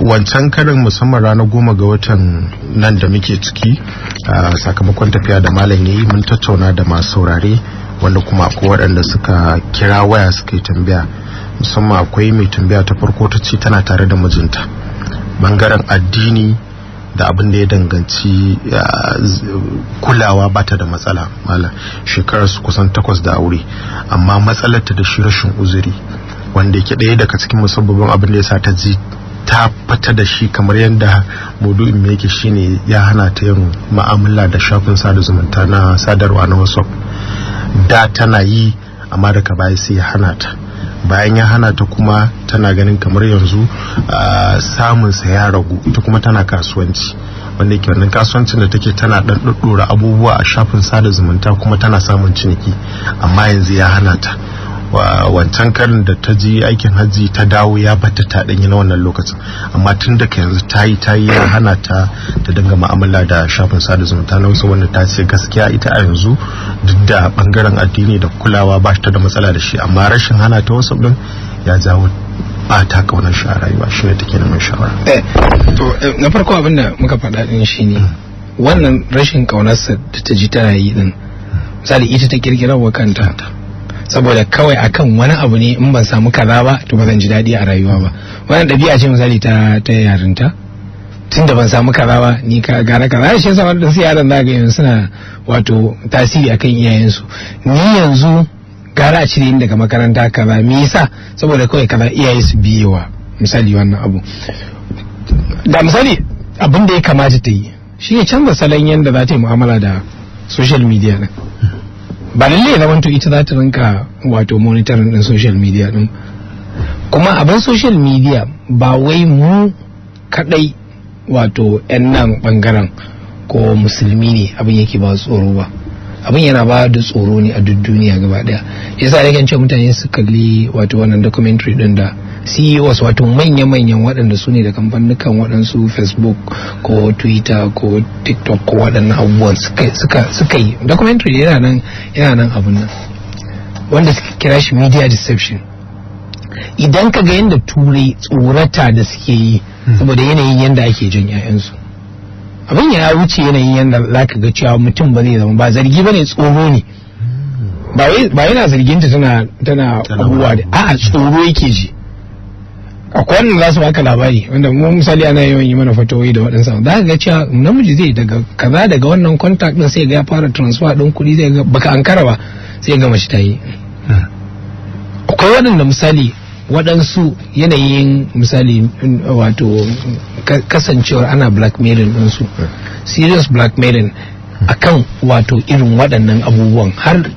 wancan karin musamman ranar goma ga watan nan da muke ciki sakamakon tafiya da malam ya yi mun tattauna da masu saurare wanda kuma akwai waɗanda suka kira waya suka yi tambaya musamman akwai mai tambaya ta farko ta ce tana tare da mijinta bangaren addini da abin da ya danganci kulawa bata da matsala mala su kusan takwas da aure amma matsalarta da shi rashin uzuri wanda yake ɗaya daga cikin musabbabin abin da ya sa ta ji ta fata da shi kamar yadda mudu'in mai yake shine ya hana ta yin ma'amala da shafin sada zumunta na sadarwa na wasu da tana yi amma daga baya sai ya hana ta bayan ya hana ta kuma tana ganin kamar yanzu samunsa ya ragu ita kuma tana kasuwanci wanda yake wannan kasuwancin da take tana dan abubuwa a shafin sada zumunta kuma tana samun ciniki amma yanzu ya hana ta wancan karin da ta ji aikin hajji ta dawo ya bata ta danyi na wannan lokacin amma tun da yanzu ta yi ta yi ya hana ta ta dinga ma'amala da shafin sada zumunta na wasu wanda ta ce gaskiya ita a yanzu duk da bangaren addini da kulawa ba ta da matsala da shi amma rashin hana ta wasu din ya jawo ba ta kaunar shi a rayuwa shi ne take neman shawara. Eh, to eh, na farko abin da muka faɗa din shi ne wannan rashin kaunarsa da ta ji tana yi din misali ita ta kirkira wa kanta saboda kawai akan wani abu ne in ban samu kaza ba to ba zan ji daɗi a rayuwa ba wannan dabi'a ce misali ta ta yarinta tun da ban samu kaza ba ni ka gara kaza shi yasa wanda su yaran za ga yanzu suna wato tasiri akan iyayensu ni yanzu gara a cire ni daga makaranta kaza me yasa saboda kawai kaza iyaye su biyewa misali wannan abu da misali abin da ya kamata ta yi shi ne canza salon yadda za ta yi mu'amala da social media na. ba lalle ya zamanto ita za ta rinka wato monitoring din social media din kuma abin social media ba wai mu kadai wato 'yan nan bangaren ko musulmi ne abin yake ba tsoro ba abin yana ba da tsoro ne a duk duniya gaba daya yasa nake ce mutane su kalli wato wannan documentary din da CEOs wato manya-manyan waɗanda su ne da kamfanin waɗansu Facebook ko Twitter ko TikTok ko waɗannan abubuwan suka yi documentary yana nan yana nan abin nan wanda suka kira shi media deception idan ka ga yadda turai tsorata da suke yi hmm. saboda yanayin yadda ake jan 'ya'yansu abin ya wuce yanayin yadda za ka ga cewa mutum ba zai zama ba zargi ba ne tsoro ne ba yana zarginta tana tana abubuwa da a'a tsoro yake ji akwai kwanan za su baka labari wanda mu misali ana yawan yi mana fatoyi da waɗansa. za ka ga cewa namiji zai daga kaza daga wannan contact din sai ga ya fara transfer ɗin kuɗi zai ga baka ankara ba sai ga mace ta yi hmm. akwai waɗanda misali waɗansu yanayin misali wato kasancewar ana blackmailing ɗinsu serious blackmailing akan wato irin waɗannan abubuwan har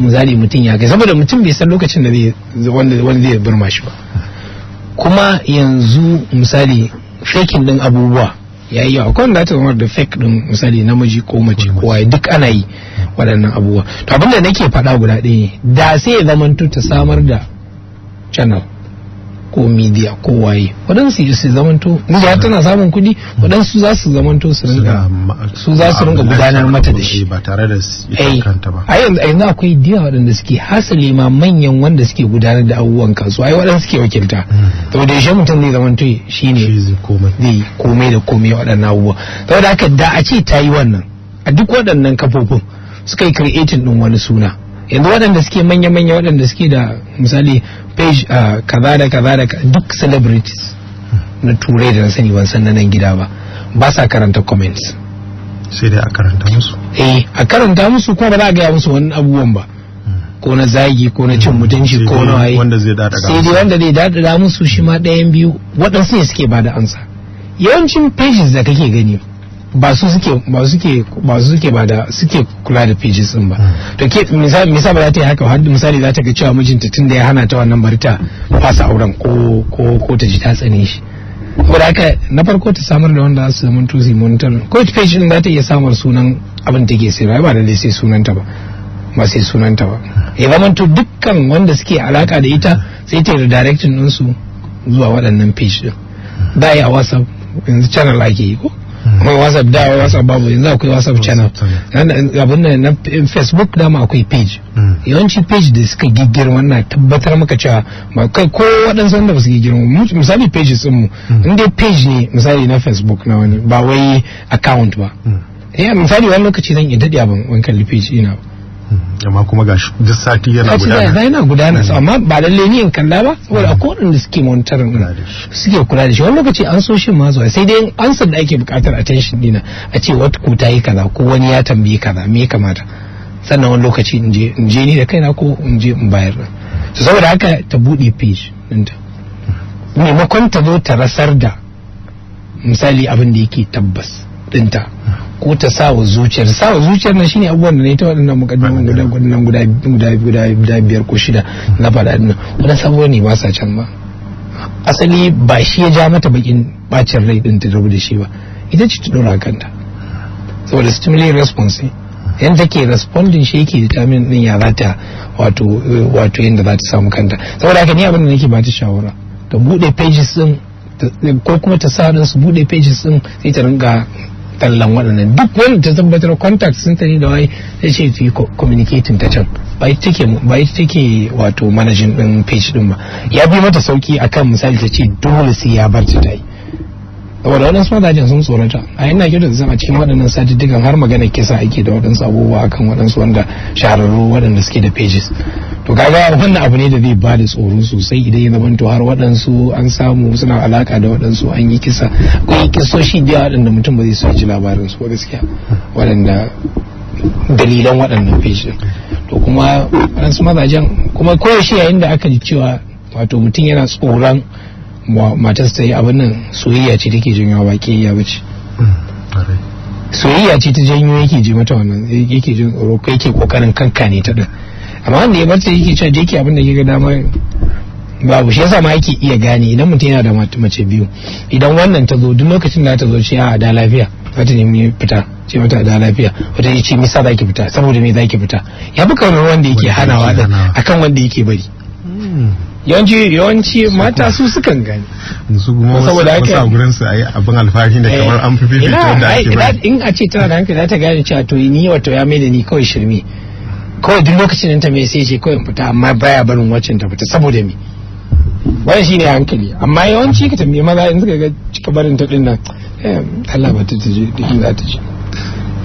misali mutum ya kai saboda mutum bai san lokacin da wani zai burma shi ba kuma yanzu misali faking ɗin abubuwa ya yi yawa kwan ta zama da fake ɗin misali namiji ko mace kowa duk ana yi waɗannan abubuwa to abinda nake faɗa guda ɗaya da sai ya zamanto ta samar da channel ko media ko waye waɗansu su zamanto ba tana samun kuɗi waɗansu za su zamanto su ringa su za su ringa gudanar mata da shi ba tare da kanta ba ai yanzu yanzu akwai diya waɗanda suke hasali ma manyan wanda suke gudanar da abubuwan kansu ai waɗansu suke wakilta to da shi mutum zai zamanto shine zai komai da komai waɗannan abubuwa saboda haka da a ce ta yi wannan a duk waɗannan kafofin suka yi creating ɗin wani suna yanzu waɗanda suke manya-manya waɗanda suke da misali page ah, kaza da kaza da duk celebrities na turai da na sani ban san na nan gida ba ba sa karanta comments sai dai a karanta musu eh a karanta musu kuma ba za a gaya musu wani abubuwan ba ko na zagi ko na cin mutunci ko na waye sai dai wanda zai dadada musu shi ma ɗayan biyu waɗansu ne suke ba da ansa yawancin pages da kake gani ba su suke ba suke ba su suke ba da suke kula da pages din ba hmm. to ke misali misali za ta yi haka har misali za ta ga cewa mijinta tunda ya hana ta wannan bari ta fasa auren ko ko ko ta ji ta tsane shi saboda haka na farko ta samar da wanda za su zama tusi monitor ko page din za ta iya samar sunan abin da ke sai ba da sai sunanta ba ba sai sunanta ba ya zamanto dukkan wanda suke alaka da ita sai ta yi din su zuwa waɗannan page din za a yi a whatsapp yanzu channel ake yi ko akwai whatsapp da whatsapp babu yanzu akwai whatsapp channel abin nan na facebook dama akwai page hmm. yawanci page da suka gigir na tabbatar maka cewa ba kai ko waɗansu wanda ba su misali page sun mu hmm. in dai page ne misali na facebook na wani ba wai account ba eh misali wani lokaci zan iya daɗe abin wani kalli page ina amma kuma ga duk sati yana gudana sati yana gudana mm. amma ba lalle ni in kalla ba saboda akwai waɗanda suke monitoring din suke kula da shi wani lokaci an so shi ma zuwa sai dai ansar da ake buƙatar attention dina a ce wata ko ta yi kaza ko wani ya tambaye kaza me kamata sannan wani lokaci in je in je ni da kaina ko in je in bayar to saboda haka ta buɗe page ɗinta maimakon ta zo ta rasar da misali abin da yake tabbas dinta ko ta sa wa zuciyar sa wa zuciyar na shine abubuwan da ne ta waɗannan mukaddimin guda guda guda guda guda biyar ko shida na faɗa dinnan wani sabo ne ba sa can ba asali ba shi ya ja mata bakin bacin rai din ta rabu da shi ba ita ce ta dora kanta saboda stimulating response yan take responding shi yake determine din ya za ta wato wato yanda za ta samu kanta saboda haka ni abin da nake ba ta shawara ta bude pages din ko kuma ta sa su bude pages din sai ta rinka tallan waɗannan duk wanda ta tabbatar contact sun tani da wai sai ce ta yi communicating ta can ba ita take wato managing ɗin page ɗin ba ya bi mata sauki akan misali ta ce dole sai ya bar ta yi saboda su mazajen sun tsorata a yana kyautar zama cikin waɗannan satuttukan har magana kisa ake da waɗansu abubuwa akan waɗansu wanda shahararru waɗanda suke da pages to kaga wannan abu ne da zai ba da tsoro sosai idan ya zamanto har waɗansu an samu suna alaka da waɗansu an yi kisa akwai kisoshi da waɗanda mutum ba zai so ji labarin su ba gaskiya waɗanda dalilan waɗannan page to kuma waɗansu mazajen kuma koyaushe yayin da aka ji cewa wato mutum yana tsoron matarsa ta yi abin nan soyayya ce take janyo ba ƙiyayya ya ce hmm, soyayya ce ta janyo yake ji mata wannan yake jin tsoro kai ke kokarin kanka ne ta din amma wanda ya bar ta yake cewa yake abin da ke ga dama babu shi yasa ma yake iya gane idan mutum yana da mace biyu idan wannan ta zo duk lokacin da ta zo ce a da lafiya wata ne fita ce mata da lafiya wata ce misa zaki fita saboda me zaki fita ya fi kaunar wanda yake hanawa da akan wanda yake bari hmm. yawanci yawanci mata su sukan gani su kuma saboda haka wasu gurin su ayi abin alfahari da eh, kamar an fifi fita wanda ake bai in a ce tana da hankali ta gane cewa to ni wato ya mai da ni kawai shirme kawai duk lokacin ta mai sai ce kawai fita amma baya barin wacin ta fita saboda me wannan shine hankali amma yawanci ka tambaye maza in suka ga cika barin ta din nan eh, Allah ba ta ji za ta ji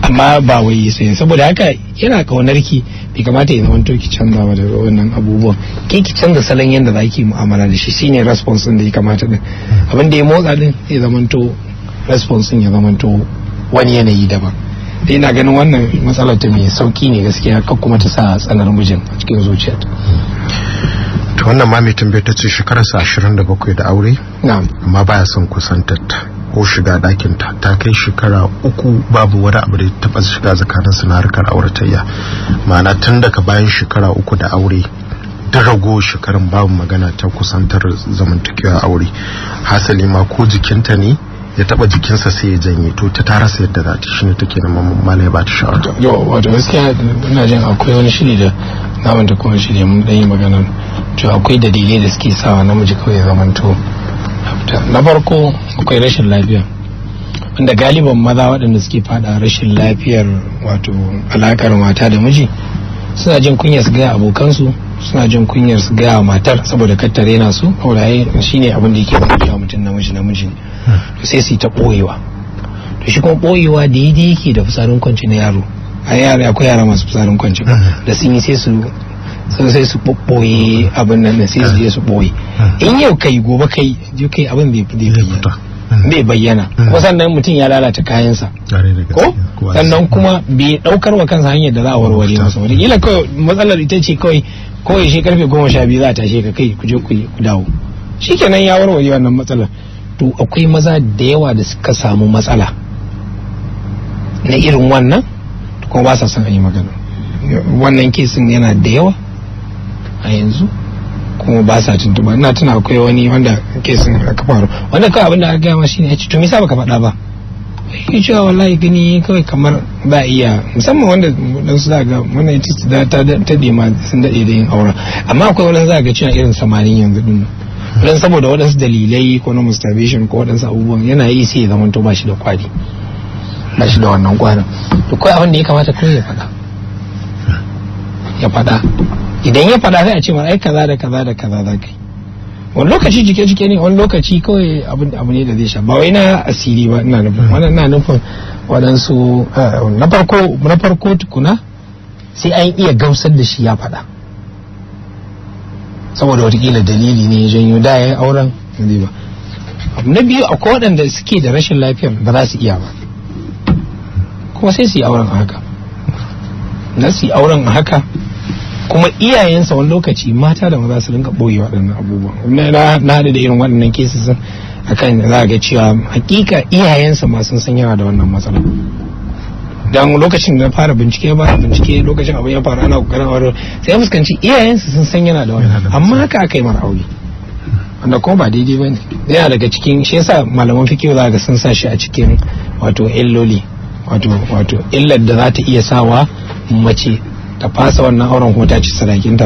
amma ba wai sai saboda haka yana kaunar ki bai kamata ya zama ki canza ba da wannan abubuwan ki ki canza salon yadda za ki mu'amala da shi shine response din da ya kamata din abin da ya motsa din ya zama to response ya zama to wani yanayi daban da ina ganin wannan matsalar ta mai sauki ne gaskiya kan kuma ta sa tsanar mijin a cikin zuciya to wannan ma mai tambayar ta ce shekararsa 27 da aure amma baya son kusantar ta ko shiga ɗakin ta ta kai shekara uku babu wani abu da taɓa shiga tsakanin su na harkar auratayya ma'ana tun daga bayan shekara uku da aure ta rago shekarun babu magana ta kusantar zamantakewa aure hasali ma ko jikinta ne ya taba jikinsa sai ya janye to ta tara sai yadda za ta shi ne take neman ba ta shawara yau wato gaskiya ina jin akwai wani shiri da namun da kuma shiri mun dan yi magana to akwai dalilai da suke sawa namiji kawai ya zamanto na farko akwai rashin lafiya wanda galiban maza waɗanda suke fada rashin lafiyar wato alakar mata da miji suna jin kunya su gaya abokansu suna jin kunyar su gaya matar saboda kattare na su auraye ne abin da yake faruwa mutum na miji na miji hmm. sai su yi ta ɓoyewa to shi kuma ɓoyewa daidai yake da fitsarin kwanci na yaro a yara akwai yara masu fitsarin kwanci hmm. da sun yi sai su sai su ɓoɓɓoye abin nan sai su je su ɓoye ah. in yau kai gobe kai je kai abin bai fi bai bayyana ah. ah. Ko sannan mutum ya lalata kayansa ko sannan kuma bai daukar wa kansa hanyar da za a warware masa wani kila kawai matsalar ita ce kawai kawai shi karfe goma sha biyu za a tashe ka kai ku je ku dawo shikenan ya warware wannan matsalar to akwai maza da yawa da suka samu matsala na irin wannan kuma ba sa son a yi magana wannan kesin yana da yawa a yanzu kuma ba sa tuntuɓa ina tuna akwai wani wanda ke sun haka faru wanda kawai abin da aka gaya ma ne ya ce to me yasa baka faɗa ba yi cewa wallahi gani kawai kamar ba iya musamman wanda dan su zaga su da ta daɗe ma sun daɗe da yin aura amma akwai wani zaga cewa irin samarin yanzu din dan saboda waɗansu dalilai ko na masturbation ko waɗansu abubuwan yana yi sai ya zama to ba shi da kwari ba shi da wannan kwarin to kawai abin da ya kamata kawai ya faɗa ya faɗa idan ya faɗa sai a ce ma ai kaza da kaza da kaza za ka yi wani lokaci jike jike ne wani lokaci kawai abu ne da zai sha ba wai na asiri ba ina nufin wani ina nufin waɗansu eh, na farko na farko tukuna sai an iya gamsar da shi ya faɗa saboda watakila dalili ne ya janyo da ya auren zai ba abu na biyu akwai waɗanda suke da rashin lafiyar ba za su iya ba kuma sai su yi auren a haka na su yi auren a haka kuma iyayensa wani lokaci mata da maza su rinka ɓoye waɗannan abubuwan na haɗu da irin waɗannan a akan za a ga cewa hakika iyayensa ma sun san yana da wannan matsala dan lokacin da fara bincike ba bincike lokacin abin ya faru ana kokarin aure sai fuskanci iyayensa sun san yana da wannan amma haka aka yi mara aure wanda kuma ba daidai ba ne. yana daga cikin shi yasa malaman fikiyo za ga sun sa shi a cikin wato illoli wato wato illar da za ta iya sawa mace ta fasa wannan auren kuma ta ci sadakinta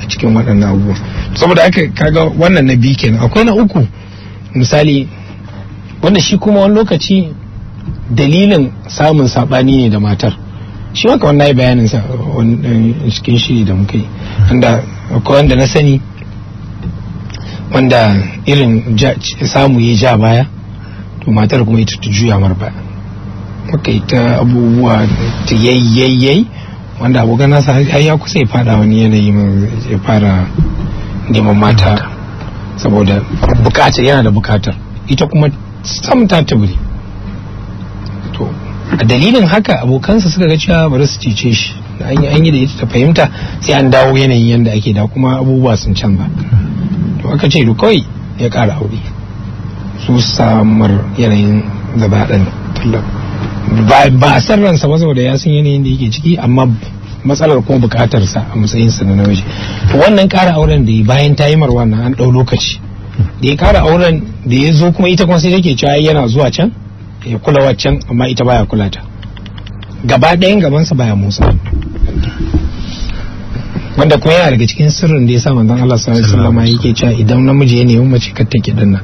a cikin waɗannan abubuwa saboda aka kaga wannan na biyu kenan akwai na uku misali wanda shi kuma wani lokaci dalilin samun sabani ne da matar shi na yi bayanin sa eh, cikin shi da muka yi wanda akwai wanda na sani wanda irin samu ya ja baya to matar kuma ita ta juya mar baya yi ta abubuwa ta yayyayyai wanda abokan nasa har ya kusa ya fada wani yanayi ya fara neman mata saboda bukatar yana da bukatar ita kuma sam ta tabiri to a dalilin haka abokansa suka ga cewa bari su cece shi da an yi an da ita ta fahimta sai an dawo yanayin yanda ake da kuma abubuwa sun canza to aka ce kawai ya kara aure su samar yanayin gaba ɗan ba a san ransa ba saboda ya san yanayin da yake ciki amma matsalar kuma sa a matsayin sa na namiji wannan kara auren da bayan ta yi wannan an dau lokaci da ya kara auren da ya zo kuma ita kuma sai take cewa yana zuwa can ya kula waccan amma ita baya kula ta gaba ɗayan gabansa baya musa wanda kuma yana daga cikin sirrin da ya sa manzon Allah sallallahu alaihi wasallam yake cewa idan namiji ya nemi mace kar ta dinna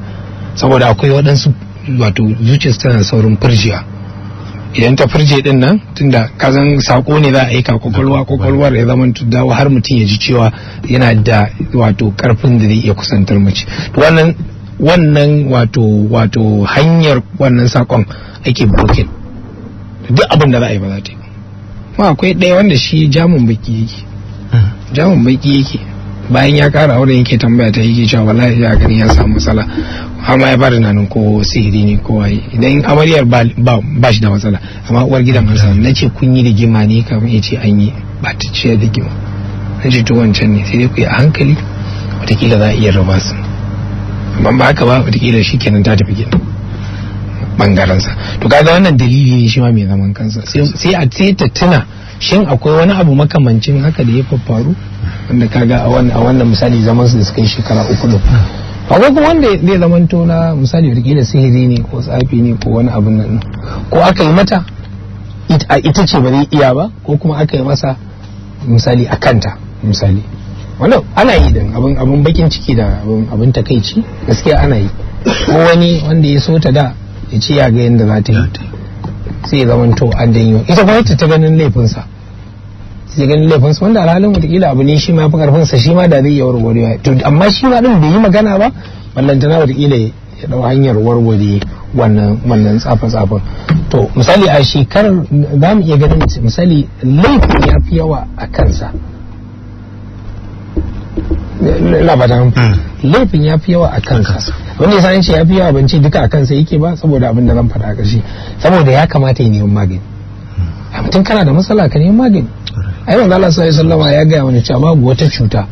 saboda akwai waɗansu wato zuciyarsa tana saurin furjiya idan ta furje din nan tunda kazan sako ne za a aika kwakwalwa kwakwalwar ya zama dawo har mutum ya ji cewa yana da wato karfin da zai iya kusantar mace wannan wannan wato wato hanyar wannan sakon ake bokin duk abin da za a yi ba za ta yi ma akwai ɗaya wanda shi jamun baki yake hmm. jamun baki yake bayan ya kara aure yake tambaya ta yake cewa wallahi ya gani ya samu matsala amma ya bada nanin ko sihiri ne ko waye idan amaryar ba shi da matsala amma uwar gidan an na nace kun yi gima ne kamar ya ce an yi ba ta ce gima. na ce to wancan ne sai dai ku yi a hankali watakila za a iya raba su amma ba haka ba watakila shi kenan ta tafi gidan Bangaransa to to kaga wannan dalili ne shi ma mai zaman kansa sai a sai ta tuna shin akwai wani abu makamancin haka da ya faru wanda ga a wannan misali zaman su da suka yi shekara uku din akwai kuma wanda zai zamanto na misali da da sihiri ne ko tsafi ne ko wani abin nan ko aka yi mata a ita ce ba iya ba ko kuma aka yi masa misali a kanta misali wannan ana yi din abin abin bakin ciki da abin takaici gaskiya ana yi ko wani wanda ya so ta da ya ce ya ga yadda za ta yi sai zaman zamanto an danyo ita gwamnati ta ganin laifinsa sai ganin laifin su wanda alhalin watakila abu ne shi ma fi karfin sa shi ma da zai iya warwarewa to amma shi ma din bai yi magana ba na watakila ya dau hanyar warware wannan wannan tsafa tsafin to misali a shekarar za mu iya ganin misali laifin ya fi yawa a kansa labaran hmm. laifin ya fi yawa a kansa wanda yasa ce ya fi yawa ban ce duka a kansa yake ba saboda abin da zan faɗa a ƙarshe saboda ya kamata ya neman magani hmm. a mutum kana da matsala ka neman magani ai manzo Allah sallallahu alaihi ya ga mana cewa babu wata cuta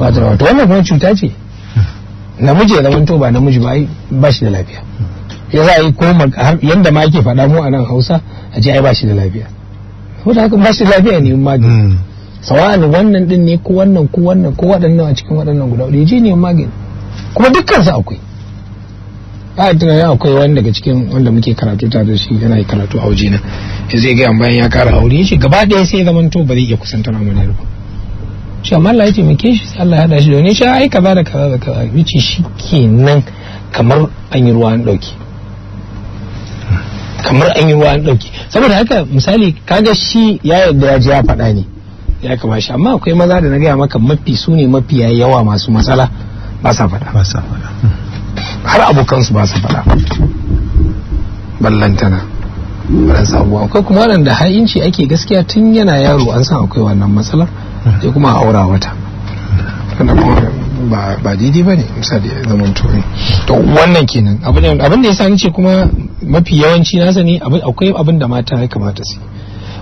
wato wato wannan kuma cuta ce hmm. namiji ya zamanto ba namiji ba ba shi da lafiya hmm. ya za a yi koma yadda ma ake faɗa mu a nan hausa a ce ai ba shi da lafiya ko da haka ba shi da lafiya ne magani hmm. sawa'an wannan din ne ko wannan ko wannan ko waɗannan a cikin waɗannan guda hudu je ne magani kuma dukkan su akwai ba da tunanin akwai wani daga cikin wanda muke karatu ta da shi yana karatu a waje na zai gaya bayan ya kara aure shi gaba ɗaya sai zaman to ba zai iya kusantar amanar ba shi amma Allah ya taimake shi sai Allah ya hada shi Doni shi ai kaza da kaza da kaza wuce shi kenan kamar an yi ruwa an dauke kamar an yi ruwa an dauke saboda haka misali kaga shi ya yadda ya ji ya faɗa ne ya kama shi amma akwai maza da na gaya maka mafi su ne mafi yawa masu matsala ba sa faɗa ba sa faɗa har abokansu ba su faɗa ballantana ran sabuwa akwai kuma waɗanda ha'inci ake gaskiya tun yana yaro an san akwai wannan matsala. sai kuma aura wata ba didi ba ne misali zaman turai to wannan kenan abin da ya sani ce kuma mafi yawanci na sani akwai abin da mata ya kamata su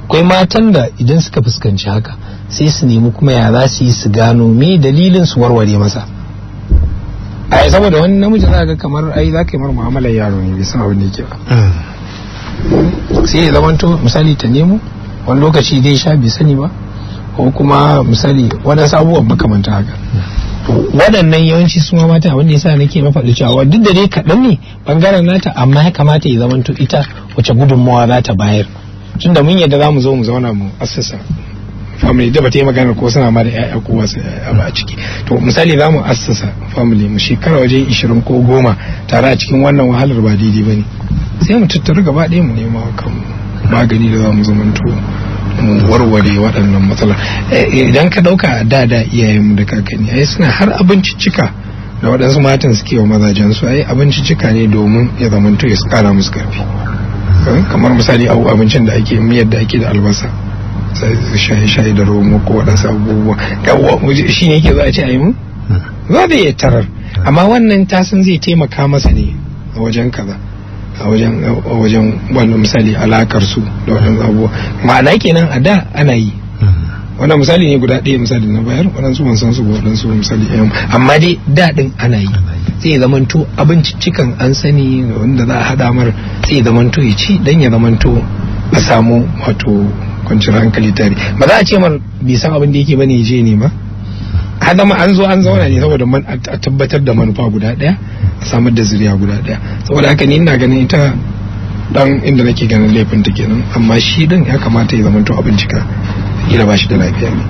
akwai matan da idan suka fuskanci haka sai su nemi kuma ya za su yi su gano me dalilin su warware masa a saboda wani namiji za ga kamar ai za ka yi mara mu'amalar yaro ne bisan abin da yake ba hmm. sai ya zamanto misali ta nemo wani lokaci dai sha bai sani ba ko kuma misali waɗansu abubuwan makamanta haka waɗannan yawanci suna mata wanda yasa nake mafaɗi cewa duk da dai kaɗan ne ɓangaren nata amma ya kamata ya zamanto ita wace gudunmawa za ta bayar tun da mun yadda za mu zo mu zauna mu assasa family da ba ta yi magana ko suna ma da ƴaƴa ko wasu a ciki to misali za mu assasa family mu shekara wajen 20 ko goma tare a cikin wannan wahalar ba daidai ba ne sai mu tattara gaba ɗaya mu nema kan magani da za mu zamanto mu warware waɗannan matsala eh, idan ka ɗauka da da iyayenmu da kakanni ai suna har abinciccika da waɗansu matan suke wa mazajen su ai abinciccika ne domin ya zamanto ya ƙara musu ƙarfi eh, kamar misali abu abincin da ake miyar da ake da albasa shaye-shaye da romo ko waɗansu abubuwa shi ne ke za a ce a yi mu za da iya tarar amma wannan tasin zai taimaka masa ne a wajen kaza a wajen a wajen wannan misali alakar su da waɗansu abubuwa ma'ana kenan a da ana yi wannan misali ne guda ɗaya misali na bayar waɗansu ban san su ba waɗansu misali ɗaya amma dai daɗin ana yi zai zamanto abinciccikan an sani wanda za a haɗa mar zai zamanto ya ci dan ya zamanto a samu wato kwanciyar hankali tare ba za a ce mar bai san abin da yake ne je ne ba hada ma an zo an zauna ne saboda a tabbatar da manufa guda daya a samar da zuriya guda daya saboda haka ni ina ganin ita dan inda nake ganin laifin ta kenan amma shi din ya kamata ya zama to cika ila ba shi da lafiya ne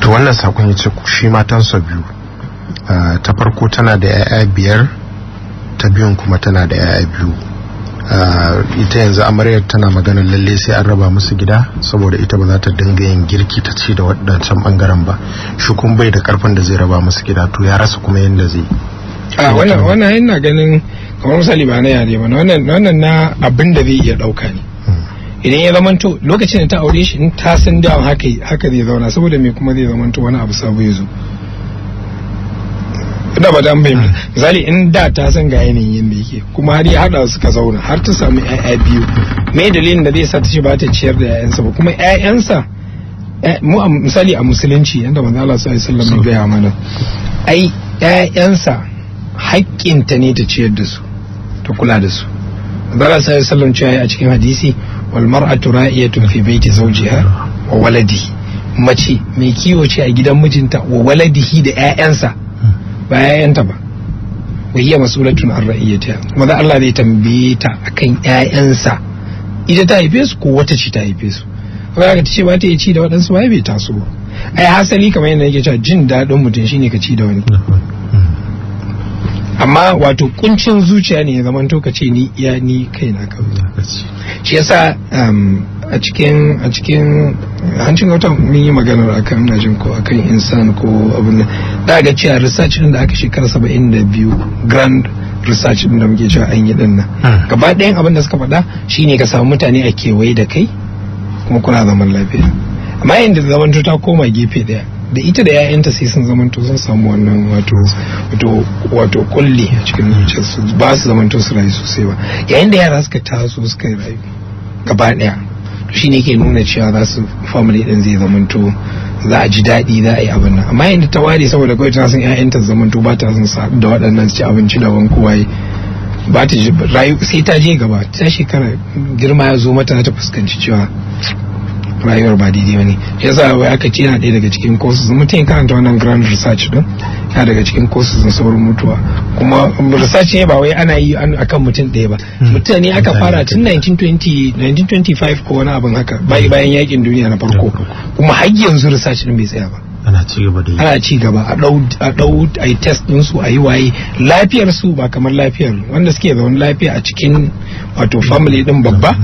to wannan sakon ya ce shi sa biyu ah, ta farko tana da 'ya'ya biyar ta biyun kuma tana da 'ya'ya biyu Ah, ita yanzu amaryar tana magana lalle sai an raba musu gida saboda ita ba za ta dinga yin girki ta ci da waɗancan bangaren ba shi kun bai da karfin da zai raba musu gida to ya rasa kuma yadda zai a ah, wannan wannan ganin kamar misali ba na yare ba wannan wannan na abin da zai iya dauka ne hmm. idan ya to lokacin da ta aure shi ta san da haka zai zauna saboda me kuma zai zamanta wani abu sabo ya zo da ba dan mai misali in da ta san ga yanayin yadda yake kuma har ya hada suka zauna har ta samu ƴaƴa biyu mai dalilin da zai sa ta ce ba ta ciyar da ƴaƴansa ba kuma ƴaƴansa misali a musulunci yadda manzo Allah sallallahu alaihi wasallam ya gaya mana ai ƴaƴansa haƙƙinta ne ta ciyar da su ta kula da su manzo Allah sallallahu alaihi wasallam a cikin hadisi wal mar'atu ra'iyatun fi baiti zawjiha wa waladi mace mai kiwo ce a gidan mijinta wa waladihi da ƴaƴansa ba yayanta ba wa hiya masulatun an ra'iyatiha kuma da Allah zai tambaye ta akan 'ya'yansa ita ta haife su ko wata ce ta haife su kuma ka ce ba ta yi ci da waɗansu ba bai taso ba ai hasali kamar yadda yake cewa jin daɗin mutum shine ka ci da wani amma wato kuncin zuciya ne ya zaman to kace ni iya ni kai na kawai shi yasa um, a cikin a cikin hancin wata mun yi maganar akan najin ko akan insan ko abin da ga cewa research din da aka shekara 72 grand research din da muke cewa an yi din nan hmm. gaba ɗayan abin da suka faɗa shine ka samu mutane a kewaye da kai kuma kuna zaman lafiya amma yanda zaman zamanto ta koma gefe ɗaya da ita da 'ya'yanta sai sun to sun samu wannan wato wato wato kulli a cikin zuciyarsu ba su zamanto su rayu sosai ba yayin da yara suka taso suka rayu gaba ɗaya shi ne ke nuna cewa za su family din zai zamanto za a ji daɗi za a yi abin nan amma yadda ta ware saboda kawai tana son ƴaƴanta zamanto ba ta son da waɗannan ci abinci da wani kowa ba ta sai ta je gaba ta shekara girma ya zo mata ta fuskanci cewa rayuwar ba daidai bane yasa wai aka ce yana ɗaya daga cikin courses mutum ya karanta wannan grand research din yana daga cikin courses na saurin mutuwa kuma research ne ba wai ana yi akan mutum ɗaya ba hmm. mutane aka fara tun 1925 ko wani abin haka bayan yakin duniya na farko kuma har yanzu research din bai tsaya ba ana ci gaba da ana ci gaba a dau a dau a yi test din su a yi waye lafiyar su ba kamar lafiyar wanda suke zaune lafiya a cikin wato family din babba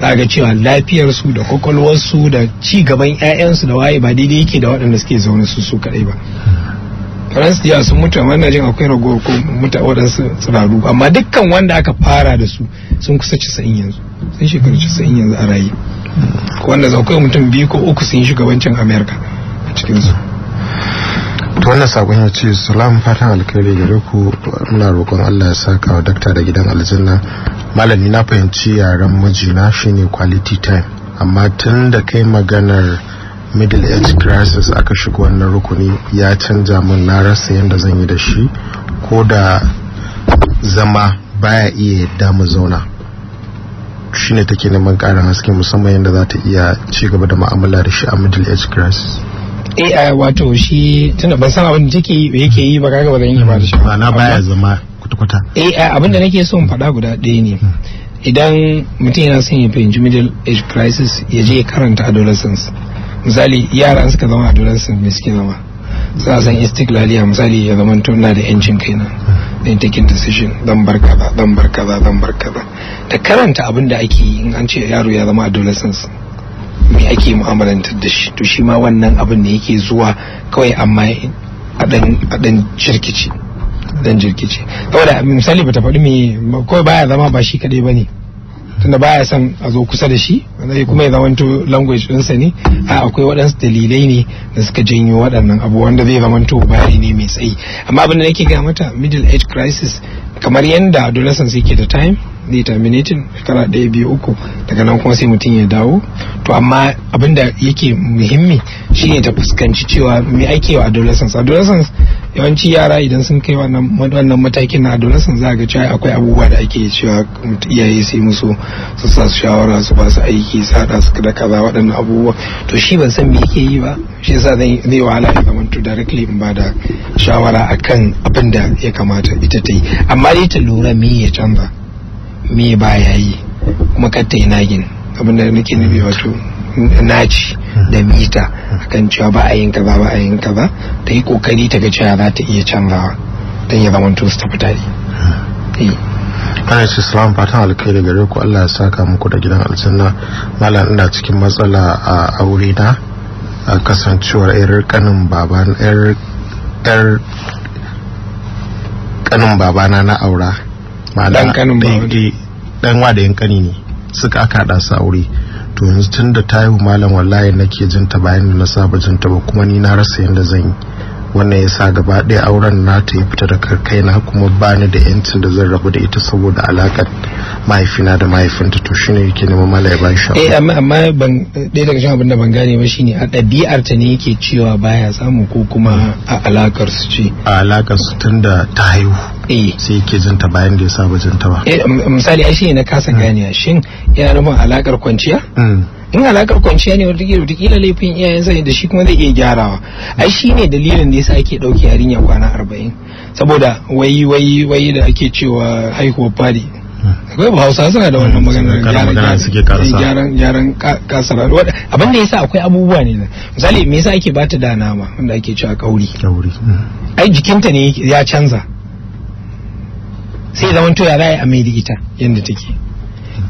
za ga cewa lafiyar su da kwakwalwar su da ci gaban ƴaƴan su da waye ba daidai yake da waɗanda suke zaune su su kadai ba France ya sun mutu amma jin akwai ragowar ko mutu waɗansu tsiraru amma dukkan wanda aka fara da su sun kusa 90 yanzu sun shekaru 90 yanzu a raye wanda akwai mutum biyu ko uku sun yi shugabancin Amerika a to wannan sakon ya ce salamu fatan alkhairi gare ku muna roƙon Allah ya saka wa dakta da gidan aljanna malami na fahimci yaren mijina shine quality time amma tun da kai maganar middle age crisis aka shigo wannan rukuni ya canja min na rasa yadda zan yi da shi ko da zama baya iya yadda mu zauna shine take neman ƙarin haske musamman yadda za ta iya ci gaba da ma'amala da shi a middle age crisis AI wato shi tunda ban san abin da take yake yi ba kaga ba zan yi ba da shi ba na baya zama kutukuta AI abin da nake so in faɗa guda ɗaya ne hmm. idan mutum yana son ya fahimci middle age crisis ya je ya karanta adolescence misali an suka zama adolescent mai suke zama za san istiklaliya misali ya zama tuna da yancin kaina dan taking decision dan bar kaza dan bar kaza dan bar kaza da karanta abin da ake yi in an ce yaro ya zama adolescence me ake mu'amalantar da shi to shi ma wannan abin ne yake zuwa kawai amma a dan a dan jirkici saboda misali bata faɗi me kawai baya zama ba shi kaɗai bane tunda baya son a zo kusa da shi zai kuma ya zama zamanto language ɗinsa ne a akwai waɗansu dalilai ne da suka janyo waɗannan abu wanda zai zama zamanto bayani ne mai tsayi amma abin da nake ga mata middle age crisis kamar yadda adolescence yake da time Determinating terminating shekara ɗaya biyu uku daga nan kuma sai mutum ya dawo to amma abin da yake muhimmi shine ta fuskanci cewa me ake wa adolescence adolescence yawanci yara idan sun kai wannan matakin na adolescence za ga cewa akwai abubuwa da ake cewa iyaye sai musu su sa su shawara su ba su aiki su haɗa su da kaza waɗannan abubuwa to shi ban san me yake yi ba shi yasa zan zai wahala ya zamanto directly in ba da shawara akan abin da ya kamata ita ta yi amma dai ta lura me ya canza me ba ya yi kuma katta yi nagin abinda nake nufi wato naci da mita akan cewa ba a yin ka ba ba a yin ba ta yi kokari ta ga cewa za ta iya canzawa don ya zama to su fita tare ana ce salamu fatan daga gare ku Allah ya saka muku da gidan aljanna malam ina cikin matsala a aure na a kasancewar yar kanin yar kanin babana na aura dan kanin dan wa da yankani ne suka aka da su aure to yanzu tun da ta haihu malam wallahi nake jinta bayan da na saba jinta ba kuma ni na rasa yanda zan yi wannan ya sa gaba ɗaya auren na ta yi fita da na kuma ba ni da yancin da zan rabu da ita saboda alakar mahaifina da mahaifinta to shi ne yake neman mala ya bashi eh amma amma ban ɗaya daga cikin abin ban gane ba shine a ɗabi'ar ta ne yake cewa baya samu ko kuma a alakar su ce a alakar su da ta haihu eh sai yake jinta bayan da ya saba jinta ba eh misali ai ne na kasa gane shin yana nufin alakar kwanciya mm. in alakar kwanciya ne wata kila kila laifin iyayen zai da shi kuma zai iya gyarawa ai shi ne dalilin da yasa ake ɗauke yarinya kwana arba'in saboda wai wai wai da ake cewa haihuwar fari akwai ba hausa suna da wannan maganar gyaran kasar abin da yasa akwai abubuwa ne misali me yasa ake bata da nama wanda ake cewa kauri ai jikinta ne ya canza sai zaman to ya ra'ayi a mai da ita yadda take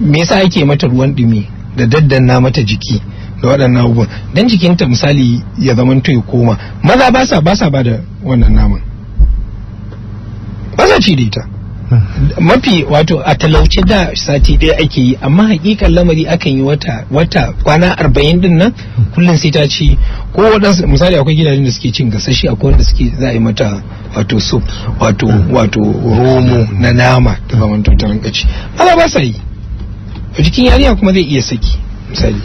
me yasa ake mata ruwan dumi da daddan na mata jiki da waɗannan abubuwan dan jikinta misali ya zama ya koma maza ba sa ba sa ba da wannan naman ba sa ci da ita mafi wato a talauce da sati ɗaya ake yi amma hakikan lamari akan yi wata wata kwana arba'in din nan kullum sai ta ci ko waɗansu misali akwai gidajen da suke cin gasashi akwai wanda suke za a yi mata wato soup wato wato romo na nama da zaman ta rinka ci ba sa yi jikin yarinya kuma zai iya saki misali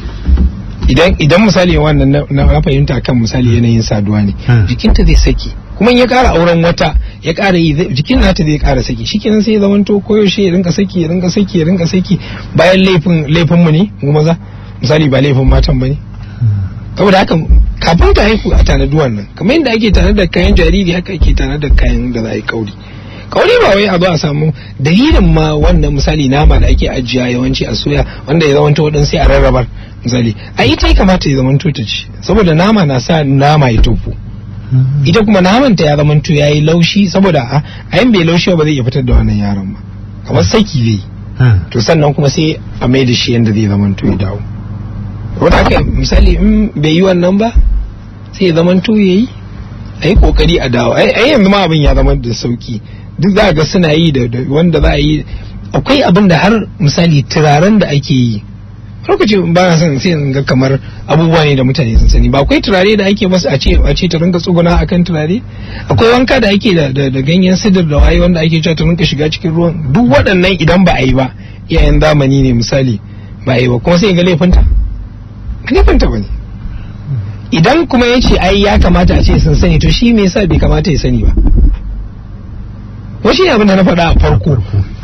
idan idan misali wannan na fahimta kan misali yanayin saduwa ne hmm. jikinta zai saki kuma ya kara auren wata ya kara yi jikin nata zai kara saki kenan sai ya zamanto koyaushe ya rinka saki ya rinka saki ya rinka saki bayan laifin laifin mu ne mu maza misali ba laifin matan bane saboda haka kafin ta haihu a tanaduwan nan kamar inda ake tanadar kayan jariri haka ake tanadar kayan da za a yi kauri kauri ba wai abu a samu dalilin ma wannan misali nama da ake ajiya yawanci a soya wanda ya zamanto wadan sai a rarrabar misali a ita ya kamata ya zama ta ci saboda nama na sa nama ya tofu ita kuma naman ta ya zamanto ya yi laushi saboda a ayin bai laushi ba zai iya fitar da wannan yaron ba kamar saki zai hmm. to sannan kuma sai a mai da shi yadda zai zamanto ya dawo wata misali in bai yi wannan ba sai ya zamanto ya yi Ayi yi kokari a dawo ai yanzu ma abin ya zama da sauki duk za ga suna yi da wanda za a yi akwai abin da har misali turaren da ake yi lokaci ba na son sai ga kamar abubuwa ne da mutane sun sani ba akwai turare da ake masu a ce a ce ta rinka tsuguna akan turare akwai wanka da ake da da ganyen sidir da waye wanda ake cewa ta rinka shiga cikin ruwan duk waɗannan idan ba a yi ba iyayen zamani ne misali ba a yi ba kuma sai ga laifinta laifinta ba ne idan kuma ya ce ai ya kamata a ce sun sani to shi me yasa bai kamata ya sani ba Wani abin da na faɗa a farko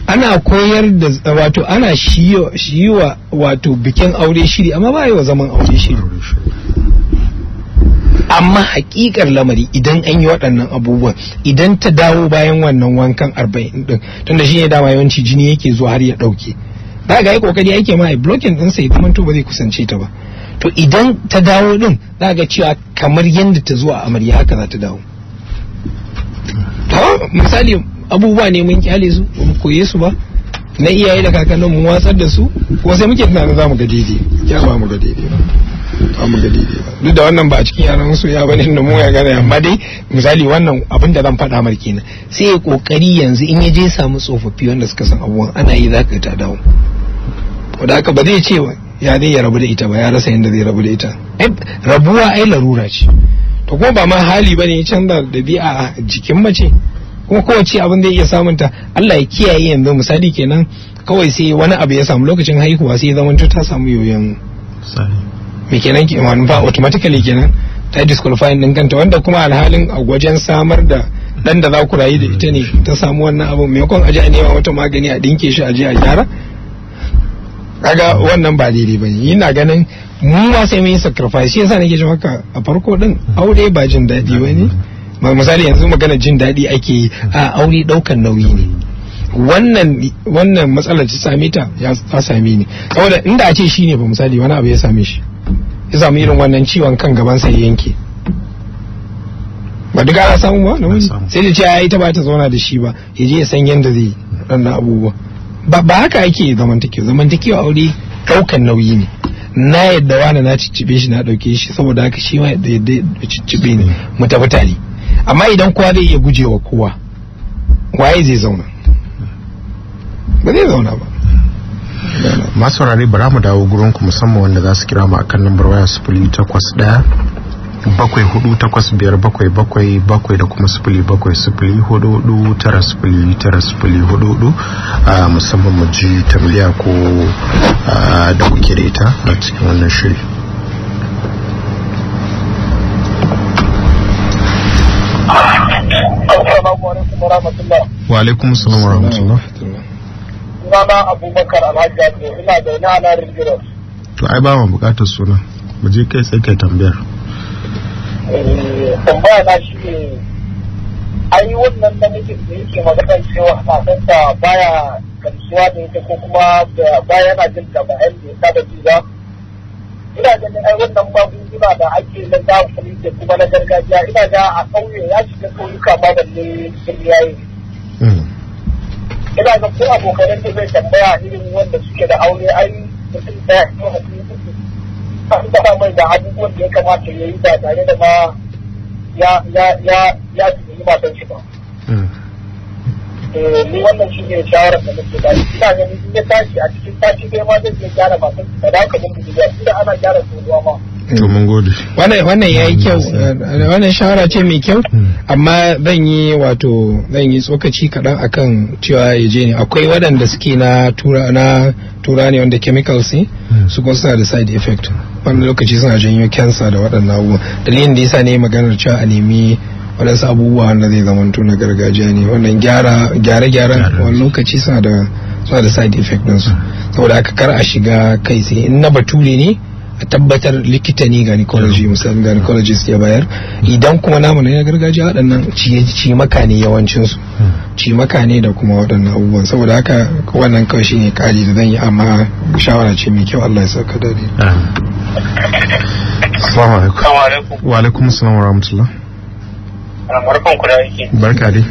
ana koyar da wato ana shiwa wato bikin aure shiri amma ba yi wa zaman aure shiri amma hakikar lamari idan an yi waɗannan abubuwan idan ta dawo bayan wannan wankan arba'in din tunda shi ne dama yawanci jini yake zuwa har ya ɗauke ba ga yi kokari ake ma a blocking ɗinsa ya kuma to ba zai kusance ta ba to idan ta dawo din za ga cewa kamar yadda ta zuwa amarya haka za ta dawo misali abubuwa ne mun kyale su ba mu koye su ba na iyaye da kakannin mu watsar da su ko sai muke tunanin za mu ga daidai ya ba mu ga daidai ba mu ga daidai ba duk da wannan ba a cikin yaran su ya bane da mu ya gane amma dai misali wannan abin da zan faɗa mar kenan sai ya kokari yanzu in ya je samu tsofaffi wanda suka san abubuwan ana yi za ka ta dawo da haka ba zai ce ba ya zai ya rabu da ita ba ya rasa yadda zai rabu da ita rabuwa ai larura ce to kuma ba ma hali bane ya canza dabi'a a jikin mace kuma kowace abin da iya ta Allah ya kiyaye yanzu misali kenan kawai sai wani abu ya samu lokacin haihuwa sai ya zamanto ta samu yoyon me kenan ke wani ba automatically kenan ta disqualifying din kanta wanda kuma alhalin a wajen samar da dan da za ku rayu da ita ne ta samu wannan abin maimakon aje a nema wata magani a dinke shi aje a gyara kaga wannan ba daidai bane ina ganin mu ma sai mun yi sacrifice shi yasa nake jin haka a farko din aure ba jin daɗi bane misali yanzu magana jin daɗi ake yi a aure ɗaukar nauyi ne wannan wannan matsalar ta same ta ya same ni saboda inda a ce shine ba misali wani abu ya same shi ya samu irin wannan ciwon kan gaban sai yanke ba duk ana samu ba sai da ce ya yi ta ba ta zauna da shi ba ya je ya san yadda zai ɗan abubuwa ba haka ake zamantakewa zamantakewa aure daukan nauyi ne na yadda wani na ciccibe shi na dauke shi saboda haka shi ma yadda yadda ciccibe ne mu tafi amma idan kowa zai iya wa kowa waye zai zauna ba zai zauna ba masu rari bara mu dawo gurinku musamman wanda za su kira mu akan lambar waya sufuri takwas ɗaya bakwai hudu takwas biyar bakwai bakwai bakwai da kuma sifili bakwai sifili hudu hudu tara sifili tara sifili hudu hudu a ah, musamman mu ji tambaya ko ah, da kuke da ita a cikin wannan shiri wa alaikum salam wa rahmatullah sunana abubakar alhaji ina da yana na rigirar to ai ba ma bukatar suna mu je kai tsaye kai tambayar Eh, tambaya na shi ne ai wannan namijin da yake magana cewa matarsa baya gamsuwa da ita ko kuma baya yana jin da ba da ya saba ba ina ganin ai wannan magunguna da ake na da kuma na gargajiya ina ga a ƙauye ya shiga ƙauyuka ma balle sun yayi hmm. ina ga ko abokanan da zai tambaya irin wanda suke da aure ai mutum ɗaya ko hatsi an faɗa mai da abubuwan da ya kamata ya yi ba tare da ma ya ya ya ya yi shi ba. Hmm. Eh, ni wannan shi ne shawarar da da ba. Ina ganin in ya tashi a cikin tashi bai ma zai iya gyara matan shi da aka mun gudu Ina ana gyara ruwa ma. Eh. to mun wannan wannan yayi eh, wannan shawara ce mai kyau hmm. amma zan yi wato zan yi tsokaci kaɗan akan cewa ya je ne akwai waɗanda suke na tura na tura ne wanda chemicals ne hmm. su kuma suna da side effect Wannan lokaci suna janyo cancer da waɗannan abubuwa dalilin da yasa ne maganar cewa a nemi waɗansu abubuwa wanda zai zama na gargajiya ne wannan gyara gyara gyaran wani lokaci suna da suna da side effect ɗinsu hmm. saboda haka kar a shiga kai sai in na bature ne a tabbatar likita ne gynecology musamman gynecologist ya bayar idan kuma namu na gargajiya waɗannan maka ne yawancin su hmm. maka ne da kuma waɗannan abubuwan saboda haka wannan kawai shine kali da zan yi amma shawara ce mai kyau Allah ya sauka da ni Assalamu alaikum. Wa alaikum assalam wa rahmatullah. Ah, Barkan ku da aiki. Barka dai.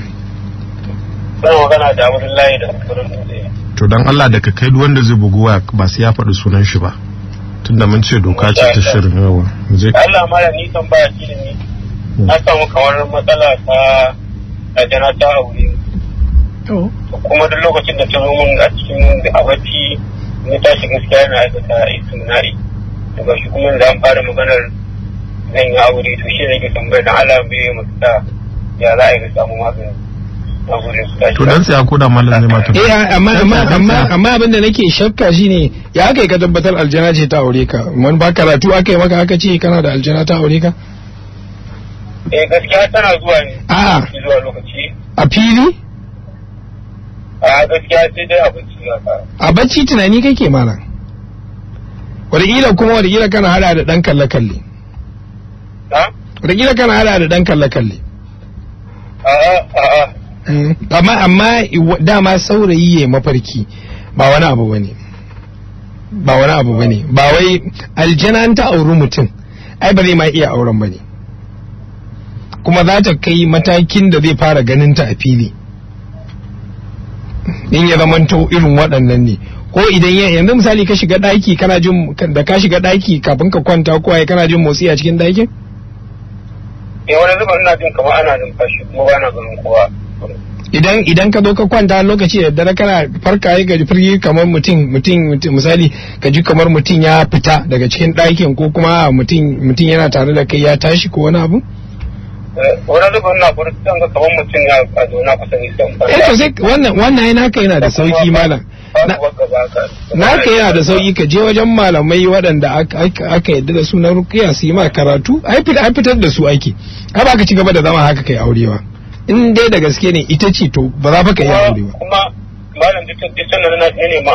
Zan magana da Abdullahi da Abdullahi. To dan Allah da ka kai wanda zai bugu ba sai ya faɗi sunan shi ba. tunda mun ce doka ce ta shirin yawa mu je Allah mara ni kan ba ilimi na samu kamar matsala ta ajana ta aure to kuma duk lokacin da ta zo mun a cikin abati ni tashi gaskiya na aikata istinari daga shi kuma da an fara maganar zan yi aure to shi ne ke tambayar da Allah bai mutsa ya za a yi samu magani to dan tsaya ko da mallan ne mata eh amma amma amma amma abin da nake shakka shine ya kai yi ka tabbatar aljana ce ta aure ka mun ba karatu aka yi maka aka ce kana da aljana ta aure ka eh gaskiya tana zuwa ne a zuwa lokaci a fili a gaskiya sai dai abinci a bacci tunani kake mana? wadakila kuma wadakila kana hada da dan kalle kalle wadakila kana hada da dan kalle kalle a'a a'a Eh. amma amma dama saurayi ya mafarki ba wani abu bane ba wani abu bane ba wai aljana ta auri mutum ai ba zai ma iya auren bane kuma za ta kai matakin da zai fara ganin ta a fili in ya to irin waɗannan ne ko idan ya yanzu misali ka shiga ɗaki kana jin da ka shiga ɗaki kafin ka kwanta ko ai kana jin motsi a cikin ɗakin eh wani zuba ina jin kamar ana numfashi kuma ba na ganin kowa idan idan ka zo ka kwanta lokaci da dare kana farka yi ga firgi kamar mutum mutum misali ka ji kamar mutum ya fita daga cikin ɗakin ko kuma mutum mutum yana tare da kai ya tashi ko wani abu eh, wani rubin na gurin ga kamar mutum ya a na kusa ni ba farka eh, wannan wannan yana kai da sauki malam naka yana da sauki ka je wajen malamai waɗanda aka yadda da su na rukiya su yi ma karatu ai fitar da su aiki ai ba ka ci gaba da zama haka kai aurewa in dai da gaske ne ita ce to ba za fa ka yi aure ba kuma malam duk na ne ma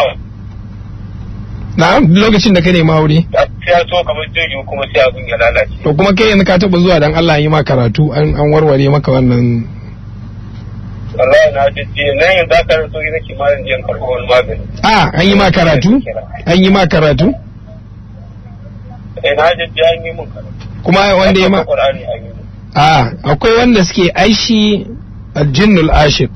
Na lokacin da ka ne aure sai ya so kamar jirgin kuma sai abin ya lalace to kuma kai yanzu ka taba zuwa dan Allah yi ma karatu an an warware maka wannan Allah na jiji nan yanzu aka so yi nake malam jiyan karɓar wani magani an yi ma karatu an yi ma karatu eh na jiji an yi mun karatu kuma wanda ya ma a akwai wanda suke aishi aljinnul ashik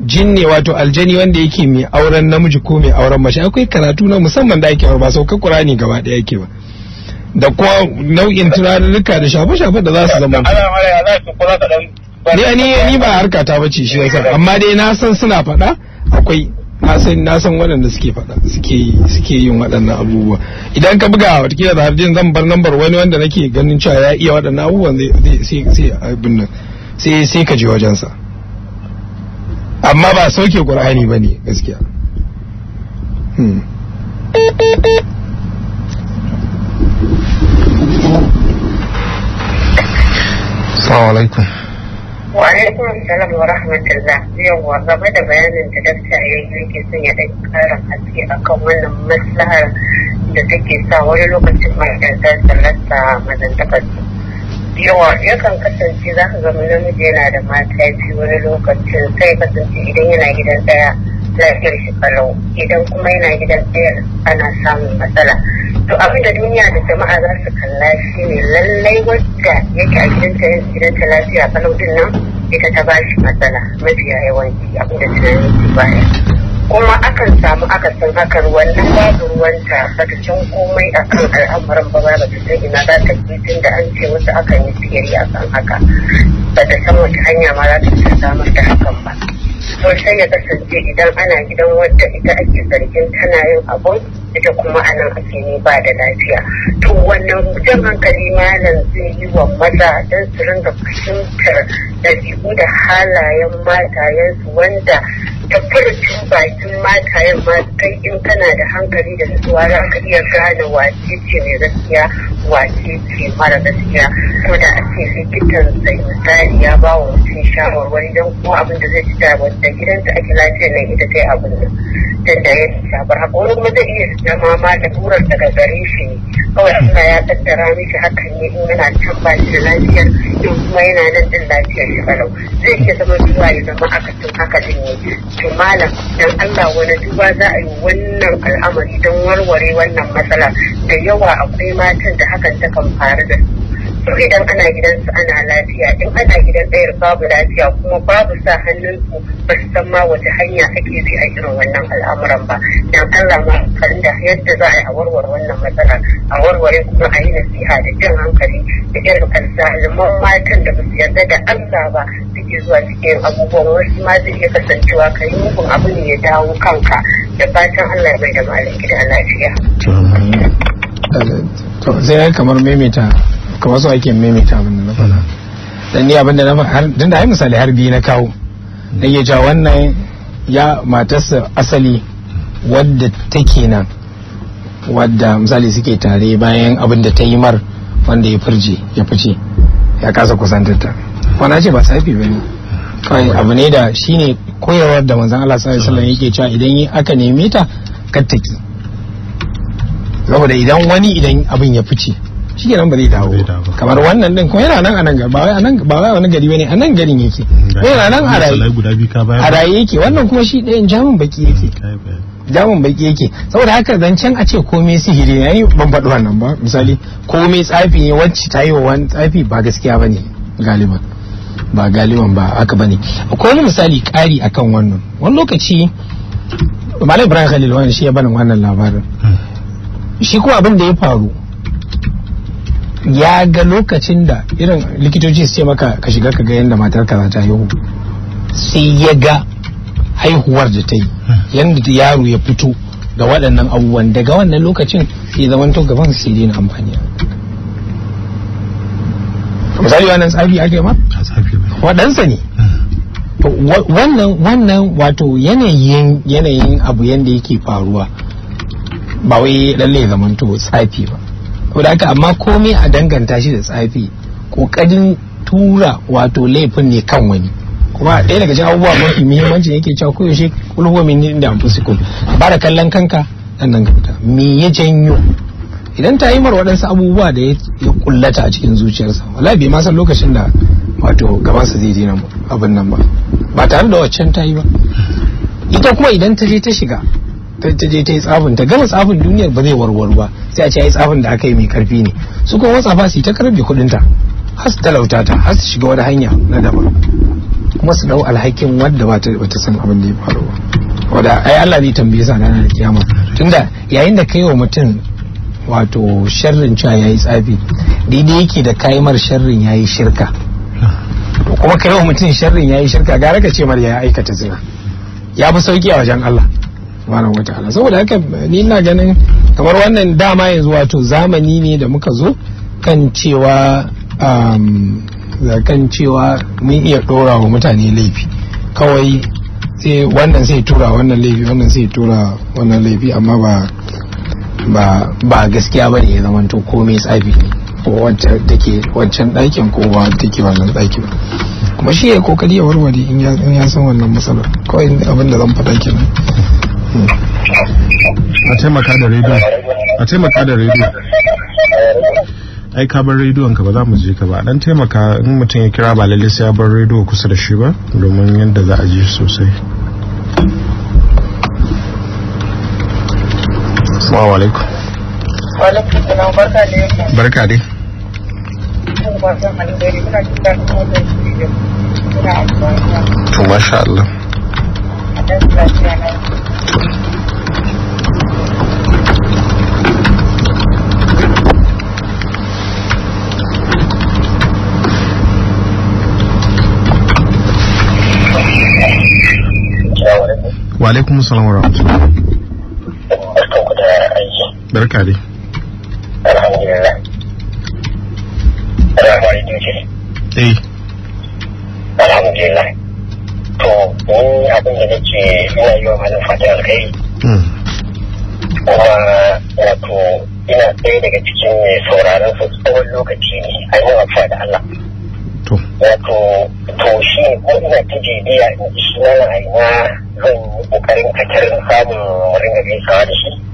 jinne wato aljani wanda yake mai auren namiji ko mai auren mace akwai karatu na musamman da ake ba sauka qur'ani gaba daya yake ba da kuwa nau'in tunanuka da shafe-shafe da za su zama ni ni ba harkata bace shi yasa amma dai na san suna faɗa akwai na san na san waɗanda suke faɗa suke suke yin waɗannan abubuwa idan ka buga watakila da harjin zan bar lambar wani wanda nake ganin cewa ya iya waɗannan abubuwan zai sai abin nan sai sai ka je wajensa amma ba sauke qur'ani bane gaskiya hmm. Assalamu alaikum wa alaikum salam wa rahmatullah yawa game da bayanin da dakta ya yi yake son ya ɗan ƙara haske akan wannan maslahar da take sa wani lokacin ma'aikata da rasa mazantakar yawa yakan kasance za ka zama namiji yana da mata wani lokacin sai kasance idan yana gidan ɗaya lafiyar shi falau idan kuma yana gidan sayar ana samun matsala to abin da duniya da jama'a za su kalla shi ne lallai wadda yake a gidanta yin gidanta lafiya falau din nan ita ta ba shi matsala mafiya yawanci abin da tunani ke baya kuma akan samu akasin hakan wannan babu ruwanta ba ta can komai a kan al'amuran ba ba ta san ina za ta je tun da an ce wasu akan yi siyayya a kan haka ba ta san wata hanya ma za ta samar da hakan ba ko sai ya kasance idan ana gidan wadda ita ake zargin tana yin abun ita kuma a nan ake ne ba da lafiya to wannan jan hankali malam zai yi wa maza don su ringa fahimtar ɗabi'u da halayen matayensu wanda ta furcin bakin matayen ma kai in kana da hankali da nutsuwa za ka iya gane wace ce mai gaskiya wace ce mara gaskiya ko da ake likitan sai misali ya ba wa mutum shawarwari don kuma abin da zai ci da da gidanta ake lafiyar ne ita ta yi abin da da ya shafar haka wani kuma zai iya zama ma da burar daga gare shi kawai Allah ya tattara mishi hakan ne in yana can ba shi da lafiyar in kuma yana nan din lafiyar shi kalau zai iya zama zuwa ya zama tun haka din ne to malam dan Allah wani duba za a yi wannan al'amari don warware wannan matsala da yawa akwai matan da hakan ta kan faru da su su idan ana gidansu ana lafiya in ana gidan ɗayar babu lafiya kuma babu sa hannun su ba su san ma hanya ake bi a irin wannan al'amuran ba dan Allah ma karin da yadda za a yi a warware wannan matsalar a warware kuma a yi nasiha da jin hankali da irin alzaliman matan da ba su yarda da Allah ba suke zuwa suke yin abubuwan wasu ma zai iya kasancewa ka yi mugun abu ne ya dawo kanka da fatan Allah ya bai da malam gida lafiya. to zai kamar maimaita ka wasu ake maimaita abin da na faɗa dan ni abin da na faɗa dan da ai misali har biyu na kawo dan ya ja wannan ya matarsa asali wadda take nan wadda misali suke tare bayan abin da ta yi mar wanda ya firje ya fice ya kasa kusantarta wana ce ba safi ba ne kawai abu ne da shine koyarwar da manzon Allah sallallahu alaihi yake cewa idan aka neme ta kattaki saboda idan wani idan abin ya fice shi kenan ba zai dawo kamar wannan din kuma yana nan a nan ba a nan ba wai wani gari bane a nan garin yake yana nan a raye a raye yake wannan kuma shi ɗayan jamin baki hmm, yake jamin baki yake saboda haka zancen a ce komai sihiri ne ban faɗi wannan ba misali komai tsafi ne wacce ta yi wa wani tsafi ba gaskiya bane galiban ba galiban ba haka bane akwai wani misali ƙari akan wannan wani lokaci Malam Ibrahim Khalil wani shi ya bani wannan labarin hmm. shi kuma abin da ya faru ya ga lokacin da irin likitoci su ce maka ka shiga ka ga yadda matar ka ta haihu sai ya ga haihuwar da ta yi yadda yaro ya fito da waɗannan abubuwan daga wannan lokacin sai zaman to gaban su na amfani misali wannan tsafi ake ma waɗansa ne wannan wannan wato yanayin yanayin abu yadda yake faruwa ba wai lalle zaman to tsafi ba haka amma komai a danganta shi da tsafi kokarin tura wato laifin ne kan wani kuma ɗaya daga cikin abubuwa mafi muhimmanci yake cewa yaushe kulhuwa min inda kun ba da kallon kanka nan ka fita me ya janyo idan ta yi mar waɗansu abubuwa da ya kullata a cikin zuciyarsa wala bai ma san lokacin da wato gabansa zai nan abin nan ba ba tare da waccan ta yi ba ita kuma idan ta je ta shiga ta je ta yi tsafin ta gama tsafin duniyar ba zai warwar ba sai a ce yi tsafin da aka yi mai karfi ne su kuma ba su ta karbe kuɗin ta har su talauta ta har su shiga wani hanya na daban kuma su dau alhakin wadda ba ta san abin da ya faru ba wadda ai Allah zai tambaye sa da kiyama tunda yayin da kai wa mutum wato sharrin cewa yi tsafi daidai yake da kaimar sharrin ya yi shirka kuma kai wa mutum sharrin ya yi shirka gara ka ce mar ya aikata zina ya fi sauki a wajen Allah subhanahu ala saboda haka eh, ni ina ganin kamar wannan dama yanzu wato zamani ne da muka zo kan cewa kan cewa mun iya dora wa mutane laifi kawai sai wannan sai tura wannan laifi wannan sai tura wannan laifi amma ba ba ba gaskiya bane ya zama to komai tsafi ne ko wancan take wancan ɗakin ko ba take wannan ɗakin kuma shi ya kokari ya warware in ya san wannan matsalar kawai abinda zan faɗa kenan a taimaka da rediyo a taimaka da rediyo ai ka bar rediyon ka ba za mu je ka ba dan taimaka in mutum ya kira ba lalle sai ya bar rediyo kusa da shi ba domin yadda za a ji sosai assalamu alaikum wa alaikum salam barka dai barka dai to masha Allah وعليكم السلام ورحمة الله بارك عليك الحمد لله السلام عليكم ايه الحمد لله Hmm. to ni abin da nake ina yi wa malam fata alkhairi kuma wato ina ɗaya daga cikin mai sauraron su tsawon lokaci ne a yi wa da Allah wato to shi ko ina ta jibiya in shi wani aina zan yi ƙoƙarin kakar samun ringa gaisawa da shi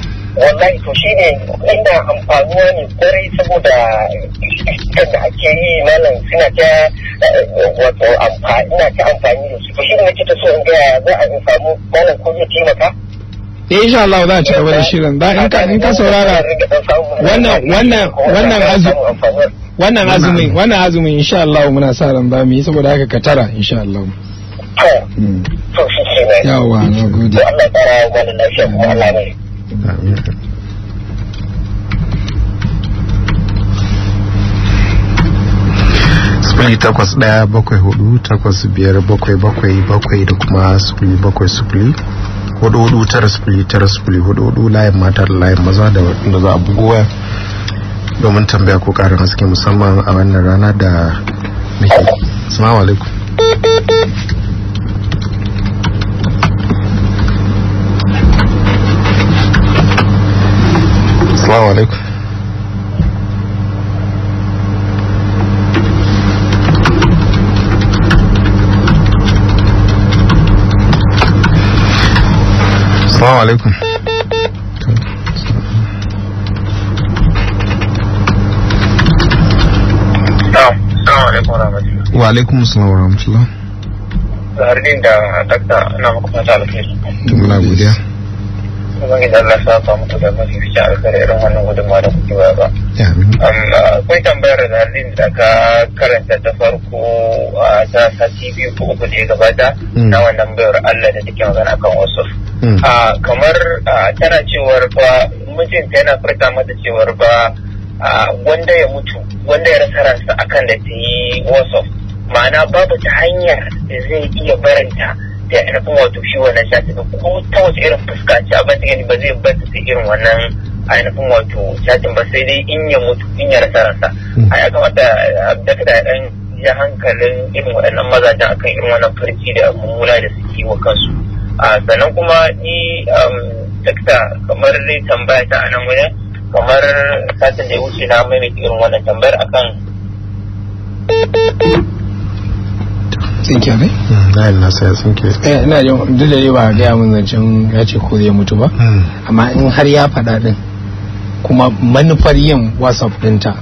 wannan to shi ne inda amfanuwa ne kwarai saboda kan da ake yi malam suna ta wato ina ta amfani da su shi ne nake ta so in gaya za a samu malam ko zai taimaka eh insha Allah za a ci gaba da shirin da in ka in ka saurara wannan wannan wannan azumi wannan azumi wannan azumi insha Allah muna sa ran ba mu yi saboda haka ka tara insha Allah to to shi ne yawa na gode Allah ya tsara wannan lafiya mu Allah ne sufuri takwas daya bakwai hudu takwas biyar bakwai bakwai bakwai da kuma sufuri bakwai sufuri hudu hudu tara sufuri tara sufuri hudu hudu layin mata da layin maza da wadanda za a buguwa. domin tambaya ko karin haske musamman a wannan rana da nake assalamu alaikum assalamu alaikum assalamu alaikum wa alaikum wa rahmatullah da harbin da dakta na muku fata alkhairi muna kuma Allah sa ka mutu da mafi bikin alkar irin wannan gudunmawa da kuke ba ba. Akwai tambayar da halin da ka karanta ta farko a ta sati biyu ko uku da ya gabata hmm. na wannan bayar Allah da take magana kan wasu. Hmm. Kamar tana cewar ba mijinta yana furta mata cewar ba wanda ya mutu wanda ya rasa ransa akan da ta yi wasu ma'ana babu ta hanyar da zai iya baranta. da ainihin wato shi wannan shafi ko ta wasu irin fuska ce abin da gani ba zai bar ta irin wannan ainihin wato shafin ba sai dai in ya mutu in ya rasa rasa hmm. a ya kamata abdakta eh, ya dan ya hankalin irin waɗannan mazajen akan irin wannan farci da mummuna da suke wa kansu sannan kuma ni um, dakta kamar zai tambaya ta a wajen kamar satin da ya wuce na maimaita irin wannan tambayar akan tsinke ne? Mm, na yi nasa ya tsinke eh ina jin duk da ba gaya min zancen ya ce ko zai mutu ba mm. amma in har ya faɗa ɗin kuma manufar yin whatsapp ɗinta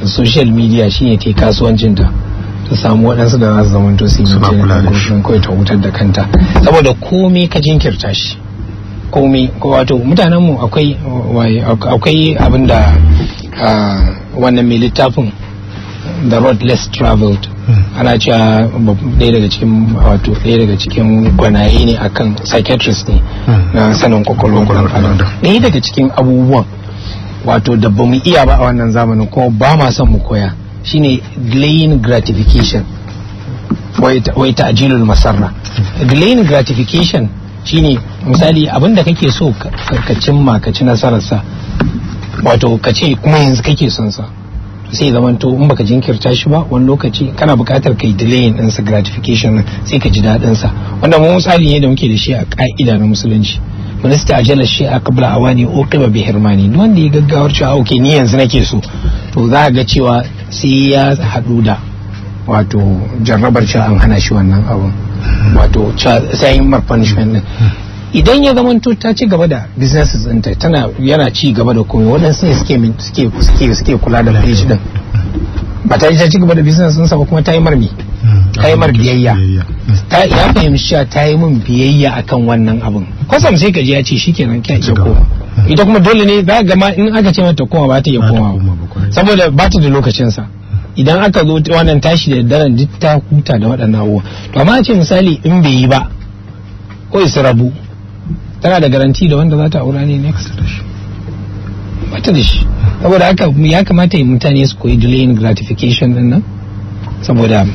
da social media shine ke kasuwancinta ta samu waɗansu da za su zama to su yi kawai ta wutar da kanta saboda komai ka jinkirta shi komai wato mutanenmu akwai abin da ah, wannan mai littafin the road less traveled hmm. ana cewa ɗaya daga cikin wato ɗaya daga cikin gwanaye ne akan psychiatrist ne hmm. na sanin kwakwalwar fadada ɗaya daga cikin abubuwan wato da ba mu iya ba a wannan zamanin kuma ba ma son mu koya shine delaying gratification wai ta'jilul masarra delaying hmm. gratification shine misali abin da kake so ka cimma ka ci nasararsa wato ka ce kuma yanzu kake son sa sai zamanto in baka jinkirta shi ba wani lokaci kana buƙatar kai delay din sa gratification sai ka ji daɗin sa wanda mu misali ne da muke da shi a ka'ida na musulunci minista ajala shi a kabla awani o kaba bi hirmani duk wanda ya gaggawar cewa okay ni yanzu nake so to za ga cewa sai ya haɗu da wato jarrabar cewa an hana shi wannan abun wato sai mar punishment idan ya zama ta ci gaba da businesses ɗinta tana yana ci gaba da komai waɗansu ne suke kula da page din ba ta ci gaba da business ɗinsa ba kuma ta yi marmi hmm. ta yi mar biyayya ta ya fahimci a ta yi min biyayya akan wannan abin kwasam sai ka ji ya ce shikenan kya iya koma hmm. ita kuma dole ne za ga ma in aka ce mata koma ba ta iya koma saboda ba ta da lokacinsa hmm. idan aka zo wannan tashi da daren duk ta huta da waɗannan abubuwa to amma ce misali in bai yi ba ko su rabu tana da garanti da wanda za ta aura ne next da shi bata da shi saboda haka ya kamata yi mutane su koyi delaying gratification din nan saboda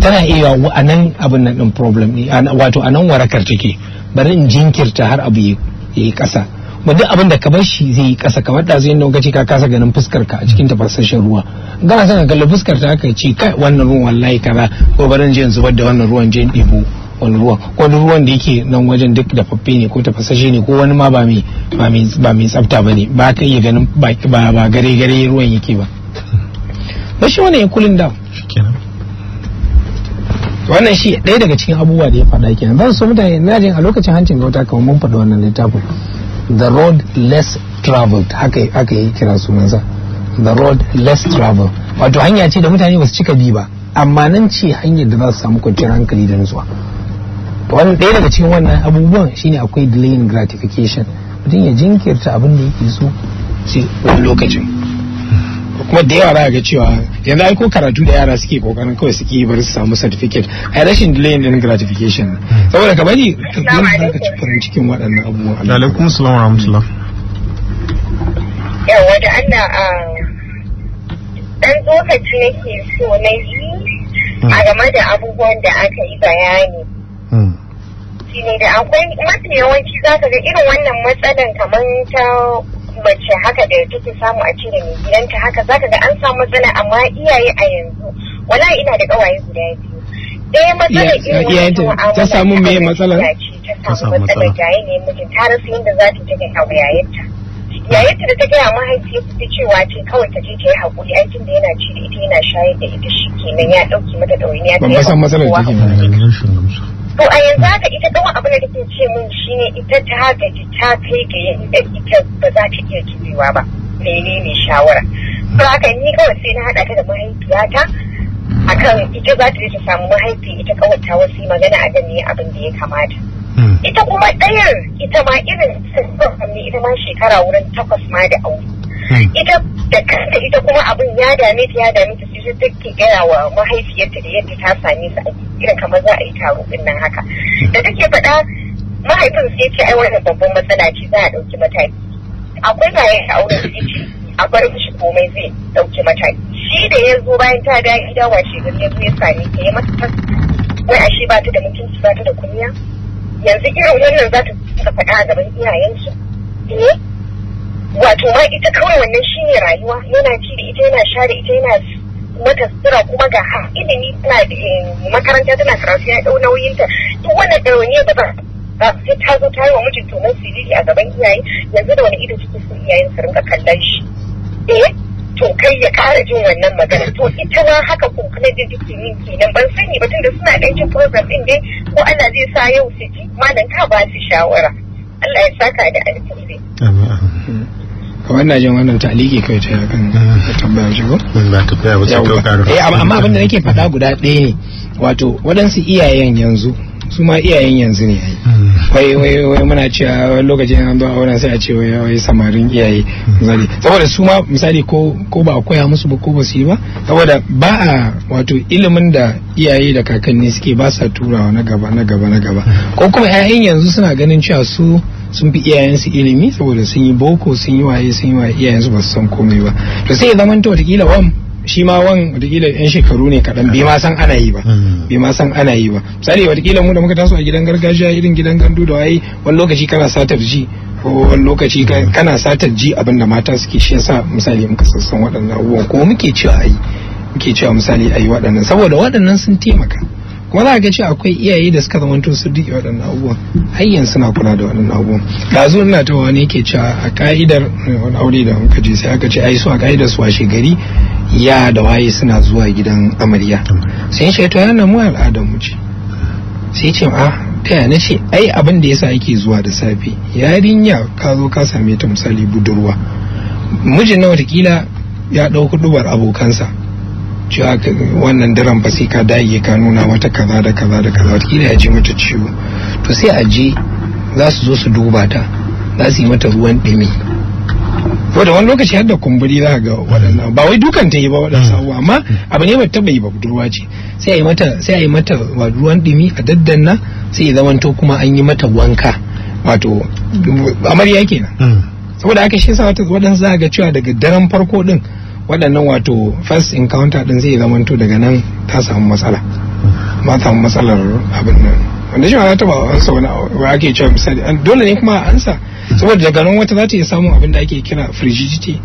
tana iya a nan abin nan din problem ne wato a nan warakar take bari in jinkirta har abu ya yi kasa ba duk abin da ka bar shi zai yi kasa kamar da zai yadda ka kasa ganin fuskar ka a cikin tafasasshen ruwa gana sanar kalli fuskar ta aka ce kai wannan ruwan wallahi kaza ko barin je zubar da wannan ruwan je ɗebo wani ruwan wani ruwan da yake nan wajen duk dafaffe ne ko tafasashe ne ko wani ma ba mai ba mai tsafta bane ba ka iya ganin ba ba gare gare ruwan yake ba shi wannan ya kulin da wannan shi ɗaya daga cikin abubuwa da ya faɗa kenan zan so mutane na jin a lokacin hancin gauta kamar mun faɗi wannan littafin the road less traveled haka aka yi kira sunansa the road less traveled wato hanya ce da mutane ba su cika bi ba amma nan ce hanyar da za su samu kwanciyar hankali da nutsuwa wani ɗaya daga cikin wannan abubuwan shine akwai delaying gratification mutum ya jinkirta abin da yake so sai wani lokacin kuma da yawa za ga cewa yanzu ai ko karatu da yara suke kokarin kawai suke yi bari su samu certificate ai rashin delaying din gratification hmm. saboda ka bari ka ka ci farin cikin waɗannan abubuwan alaikum salam wa rahmatullah yawa da Allah dan ah, tsokaci nake so na yi a hmm. game da abubuwan da aka yi bayani Hmm. shi ne da akwai mafi yawanci za ka ga irin wannan matsalan kamar ta mace haka da take samu a cire mai gidanta haka za ka ga an samu matsala amma iyaye a yanzu wala ina da guda biyu ɗaya irin ta samu me matsala ta samu matsala jaye ne ta rasa yadda za ta take kawo da ta gaya mahaifiyarta ta cewa ce kawai ta je ta yi haƙuri aikin da yana ci da ita yana shayar da ita shi kenan ya ɗauki mata ɗawainiya ta yi haƙuri to a yanzu haka ita ɗan abin da take ce mun shine ita ta haka ta kai ga yadda ita ba za ta iya jurewa ba Mene ne shawara to haka ni kawai sai na haɗa ta da mahaifiyata akan ita za ta ta samu mahaifi ita ta wasu magana a kan ne abin da ya kamata hmm. ita kuma ɗayar ita ma irin sun ita ma shekara wurin takwas ma da aure Hmm. ita da kanta ita kuma abin ya dame ta ya dame ta sai ta ke gaya wa mahaifiyarta da yadda ta same su a irin kamar za a yi taro din nan haka hmm. da take faɗa mahaifin sai ce ai wannan babban matsala ce za a ɗauki mataki akwai na yin auren sai ce a bar mishi komai zai ɗauki mataki shi da ya zo bayan ta ga gida washe gari ya zo ya same ta ya mata wai ashe ba ta da mutunci ba ta da kunya yanzu irin wannan za ta faɗa a gaban iyayensu ne eh? wato ma ita kawai wannan shi ne rayuwa yana ci da ita yana sha da ita yana mata sutura kuma ga ha ilimi tana eh, makaranta tana karatu ya dau ta. duk wannan ɗawainiyar da ba sai ta zo ta yi wa mijin tonon siriri a gaban iyaye yanzu da wani ido suke so iyayen su rinka kallon shi eh to kai ya kara jin wannan magana to ita ma haka kokarin da duk yin kenan ban sani ba tunda suna ɗan jin program din dai ko ana zai sa yau su ji malam ka ba su shawara Allah ya saka da alheri kawai na jin wannan taliki kai ta kan tambaya shi ko ba ta ba sai to karo eh amma abin da nake faɗa guda ɗaya ne wato waɗansu iyayen yanzu su ma iyayen yanzu ne hmm. wai wai wai muna cewa lokacin an zuwa sai a ce wai wai samarin iyaye misali saboda su ma misali ko ko ba koya musu ba ko ba su yi ba saboda ba a wato ilimin da iyaye da kakanni suke ba sa turawa na gaba na gaba na gaba hmm. ko kuma 'ya'yan yanzu suna ganin cewa su sun fi su ilimi saboda sun yi boko sun yi waye sun yi waye su ba su san komai ba to sai ya zama to kila wam shi ma wan watakila yan shekaru ne kaɗan bai ma san ana yi ba hmm. bai ma san ana yi ba misali watakila mu da muka taso a gidan gargajiya irin gidan gandu da waye wani lokaci kana satar ji ko wani lokaci hmm. kana satar ji abinda mata suke shi yasa misali muka sassan waɗannan abubuwan ko muke cewa ayi muke cewa misali ayi waɗannan saboda waɗannan sun taimaka kuma za ga cewa akwai iyaye da suka zamanto su duke waɗannan abubuwan har yanzu suna kula da waɗannan abubuwan ɗazu ina ta wani ke cewa a ka'idar eh, wani aure da muka je sai aka ce ai su a ka'idar su washe gari ya da waye suna zuwa gidan amarya sai ce to yana mu al'adar mu ce sai ce a ta yana ce ai abin da yasa ake zuwa da safe yarinya ka zo ka same ta misali budurwa mijin na watakila ya ɗau hudubar abokansa cewa wannan daren ba sai ka dage ka nuna mata kaza da kaza da kaza watakila ya ji mata ciwo to sai a je za su zo su duba ta za su yi mata ruwan ɗumi wadda wani lokaci har da kumburi za ga waɗannan ba wai dukan ta yi ba waɗansu abuwa amma abu ne taɓa bai ba budurwa ce sai a yi mata sai a yi mata ruwan ɗumi a daddanna sai ya zamanto kuma an yi mata wanka wato amarya kenan mm. saboda aka shi sa wata waɗansu za ga cewa daga daren farko din waɗannan wato first encounter din zai to daga nan ta samu matsala ma samu matsalar abin nan wanda shi ma ta ba ansa wani wa ake cewa misali dole ne kuma a ansa saboda daga nan wata za ta iya samun abin da ake kira frigidity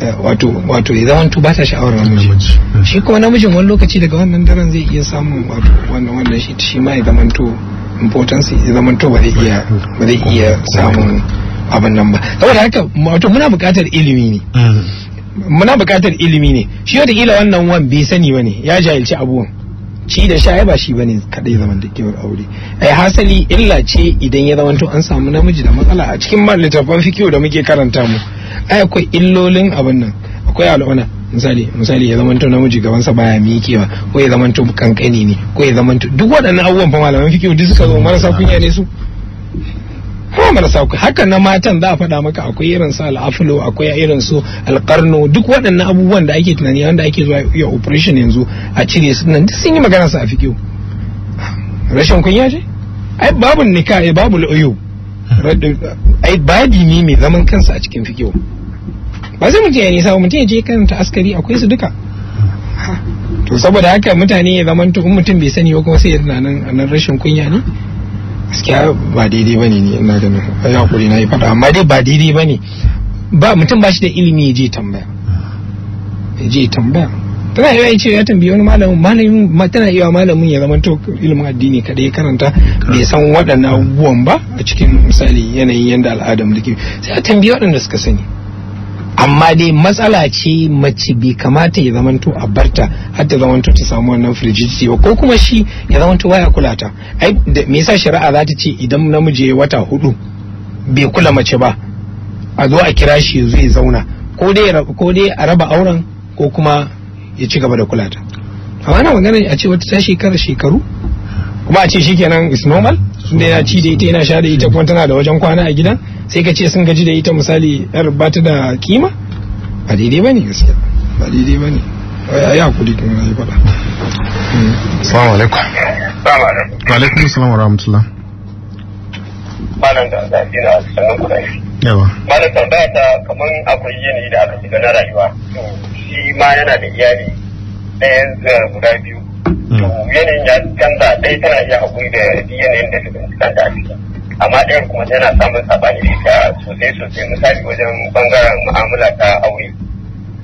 eh, wato wato ya zamanto ba ta sha'awar namiji shi kuma namijin wani lokaci daga wannan daren zai iya samun wato wannan wannan shi shi ma ya to importance ya zamanto ba zai iya ba zai iya samun abin nan ba saboda haka wato muna buƙatar ilimi ne mm. muna buƙatar ilimi ne shi wata kila wannan wan bai sani ba ne ya jahilci abubuwan ci da sha ba shi bane kadai zaman da kewar aure yi hasali illa ce idan ya zamanto an samu namiji da matsala a cikin man littattafan fikiyo da muke karanta mu ai akwai illolin abin nan akwai al'una misali misali ya zamanto namiji gabansa baya miƙewa ko ya zamanto kankani ne ko ya zamanto duk waɗannan abubuwan fa malaman fikiyo duk suka zo marasa kunya ne su kuma marasa ku hakan na matan za a faɗa maka akwai irin su al'afulo akwai irin su alƙarno duk waɗannan abubuwan da ake tunani wanda ake zuwa ya operation yanzu a cire su nan duk sun yi magana su a kyau rashin kunya ce ai babu nika ai babu al'uyu ai badi ne mai zaman kansa a cikin kyau ba sai mutum ya nisa ba mutum ya je karanta askari akwai su duka to saboda haka mutane ya zamanto in mutum bai sani ba kuma sai ya tunanin rashin kunya ne gaskiya ba daidai bane ne ina ganin ai hakuri na yi fada amma dai ba daidai bane ba mutum ba shi da ilimi ya je tambaya ya je tambaya tana iya ce ya tambayi wani malamin malamin tana iya malamin ya zama to ilimin addini kadai karanta bai san waɗannan abubuwan ba a cikin misali yanayin yanda al'adar mulki sai a tambayi waɗanda suka sani amma dai matsala ce mace bai kamata ya zamanto a barta har ta zamanto ta samu wannan firjiti ba ko kuma shi ya zamanto waya kula ta ai me yasa shari'a za ta ce idan namiji ya wata hudu bai kula mace ba a zo a kira shi zai zauna ko dai ko dai a raba auren ko kuma ya ci gaba da kula ta amma na magana a ce wata ta shekara shekaru kuma a ce shikenan is normal tunda yana ci da ita yana sha da ita kuma tana da wajen kwana a gidan sai ka ce sun gaji da ita misali yar ba ta da kima ba daidai ba ne gaskiya ba daidai ba ne a yi hakuri kuma na yi faɗa. salamu alaikum salamu alaikum wa alaikum salam wa rahmatullah malam da zafi na sannan kuɗaɗe yawa malam tambaya ta kamar akwai yanayi da aka shiga na rayuwa shi ma yana da iyali ɗayan ɗaya guda biyu hmm. yanayin ya canza ɗaya tana iya haƙuri da yanayin da ta canza a cikin amma ɗayan kuma tana samun saɓani da ita sosai sosai misali wajen bangaren mu'amala ta aure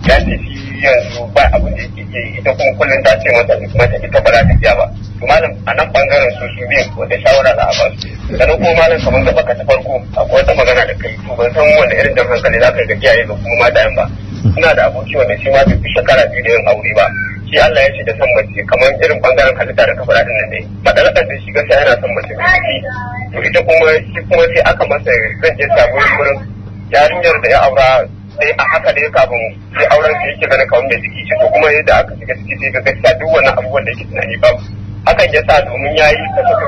ya tafi yanzu ba abin da yake iya ita kuma kullum ta ce kuma ta ita ba za ta iya ba to malam a nan bangaren su su biyan wata shawara za a ba su sannan kuma malam kamar da baka ta farko akwai wata magana da kai to ban san wani irin da kane za ka ga kiyaye ba kuma mata ba ina da aboki wanda shi ma bai fi shekara biyu da yin aure ba shi Allah ya ce da son mace kamar irin bangaren halitta da kafara din nan ne matsalakar da shi gaskiya yana son mace to ita kuma shi kuma sai aka masa zan je sabon wurin yarinyar da ya aura sai a haka dai kafin sai auren sai yake ganin kawai mai jiki ko kuma yadda aka shiga ciki sai ga gaskiya duk wani abubuwan da yake tunani ba hakan ya sa domin ya yi ta saka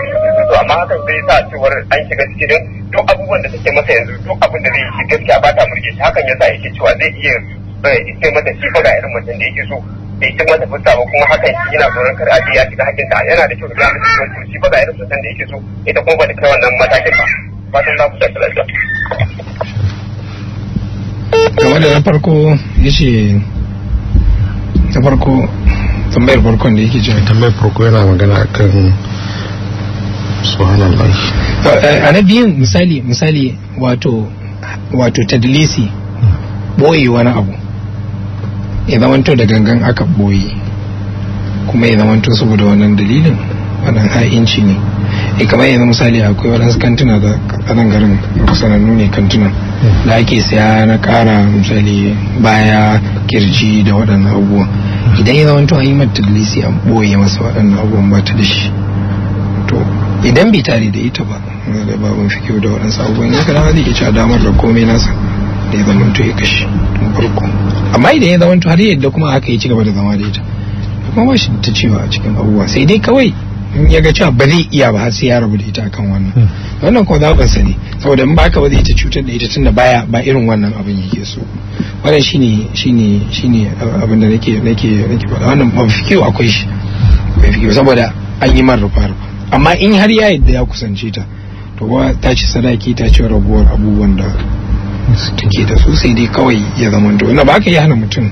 to amma hakan zai sa cewar an shiga ciki din duk abubuwan da take masa yanzu duk abin da zai yi gaskiya ba ta murge shi hakan ya sa yake cewa zai iya sai mata shi fa ga irin mutum da yake so da ci mata fuska ba kuma hakan shi yana tsoron kar aje ya shiga hakinta yana da kyau da ya mutum shi fa ga irin mutum da yake so ita kuma ba ta kai wannan matakin ba fatan za ku tafi lafiya. game da na farko ya ce na farko tambayar farkon da yake cewa eh, tambayar farko yana magana kan subhanallah eh, a na biyun misali misali wato wato tadlisi boye wani abu ya zamanto da gangan aka boye kuma ya zamanto saboda wannan dalilin wannan ha'inci ne e kamar yanzu misali akwai waɗansu kantuna da ƙasan garin sanannu ne kantuna da ake saya na ƙara misali baya kirji da waɗannan abubuwan idan ya zamanto an yi mata dalisi an ɓoye masa waɗannan abubuwan ba ta da shi to idan bai tare da ita ba da babin fikiyo da waɗansu abubuwan ya kada zai iya damar da komai nasa da ya to ya kashe farko amma idan ya to har yadda kuma aka yi ci gaba da zama da ita kuma ba shi ta cewa a cikin abubuwa sai dai kawai in ya ga cewa ba zai iya ba sai ya rabu da ita akan wannan hmm. wannan kuma zaɓin sa ne saboda in baka ba zai ta cutar da ita tunda baya ba irin wannan abin yake so wannan shine shine shine abin da nake nake nake faɗa wannan ba akwai shi ba saboda an yi man rufa amma in har ya yadda ya kusance ta to ba ta ci sadaki ta ci raguwar abubuwan da take da su sai dai kawai ya zama da ba ka yi hana mutum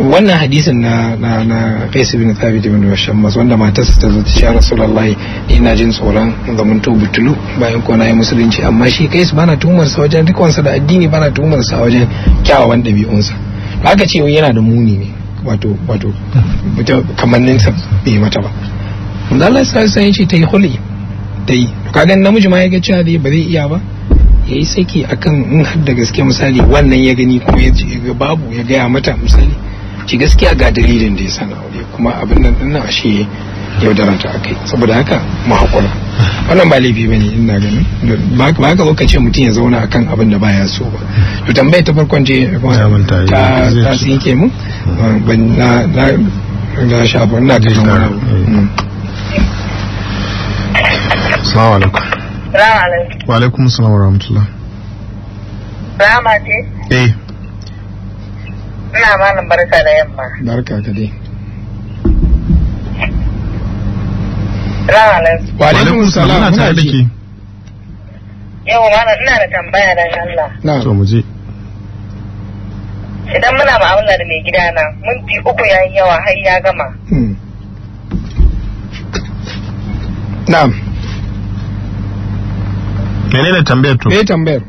wannan hadisin na na na Qais ibn Thabit ibn Shammas wanda matarsa ta zo ta sha Rasulullahi ina jin tsoron zaman to butulu bayan ko nayi musulunci amma shi Qais bana tuhumar sa wajen rikonsa da addini bana tuhumar sa wajen kyawawan sa haka ce yana da muni ne wato wato kamannin sa bai mata ba Allah sai sai ce ta yi huli dai kaga namiji ma ya ga cewa ba zai iya ba ya yi saki akan in har da gaske misali wannan ya gani ko ya ga babu ya gaya mata misali ci gaskiya ga dalilin da ya sana aure kuma abin nan na ashe yaudaranta a kai saboda haka mu haƙura wannan ba laifi bane ina ganin ba ka zo ce mutum ya zauna akan abin da baya so ba to tambayar ta farkon je eh, ta ta sinke mu na na na shafa ina da Assalamu hmm. alaikum Salamu alaikum. Wa alaikum salamu wa rahmatullah. Rahama ce? Eh. Ina malam barka da yamma. Barka ka dai. Rahama Wa alaikum salam. Ina tare ke. Yau malam ina da tambaya dan Allah. Na. To mu je. Idan muna ma'amala da mai na, mun bi uku yayin yawa har ya gama. Hmm. Na'am. menene tambayar to eh tambayar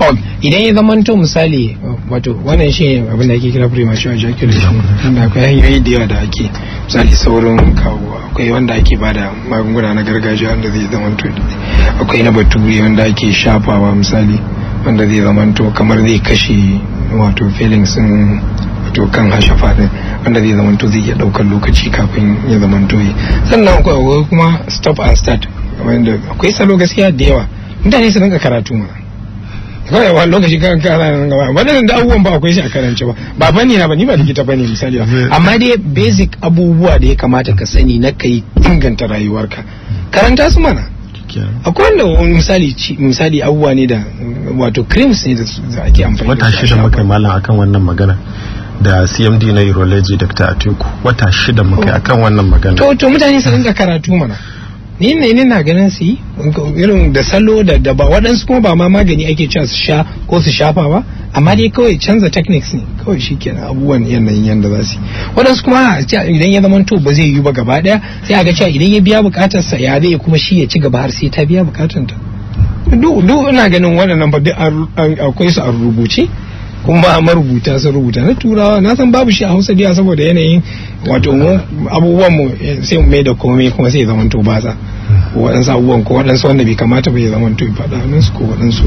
oh, idan ya zama to misali wato wannan shi ne abin da ake kira premature ejaculation wanda akwai hanyoyi da yawa da ake misali saurin kawo akwai wanda ake bada magunguna na gargajiya wanda zai zama to akwai na bature wanda ake shafawa misali wanda zai zama to kamar zai kashe wato feelings to kan hasha fadin wanda zai to zai iya daukar lokaci kafin ya zamanto yi sannan akwai kuma stop and start wanda akwai salo gaskiya da yawa mutane su rinka karatu ma kawai wa lokaci kan kara nan gaba wannan da abubuwan ba akwai shi a karance ba ba bani na ba ni ba likita bane misali ba amma dai basic abubuwa da ya kamata ka sani na kai inganta rayuwarka karanta su mana akwai wanda misali misali abubuwa ne da wato creams ne da ake amfani da shi wata shida makai malam akan wannan magana da cmd na urology dr atiku wata shida muka akan wannan magana to to mutane su dinga karatu mana ni ne ni na ganin su irin da salo da da ba waɗansu kuma ba ma magani ake cewa su sha ko su shafa ba amma dai kawai canza techniques ne kawai shi ke abubuwan yanayin yadda za su yi waɗansu kuma idan ya zama to ba zai yi ba gaba ɗaya sai a ga cewa idan ya biya sa ya zai kuma shi ya ci gaba har sai ta biya bukatarta duk ina ganin waɗannan ba duk akwai su a rubuce kuma marubuta sun rubuta na turawa na san babu shi a hausa biya saboda yanayin wato mu abubuwan mu eh, sai mai da komai kuma sai zaman to baza waɗansu abubuwan ko waɗansu wanda bai kamata bai zaman to faɗa su ko waɗansu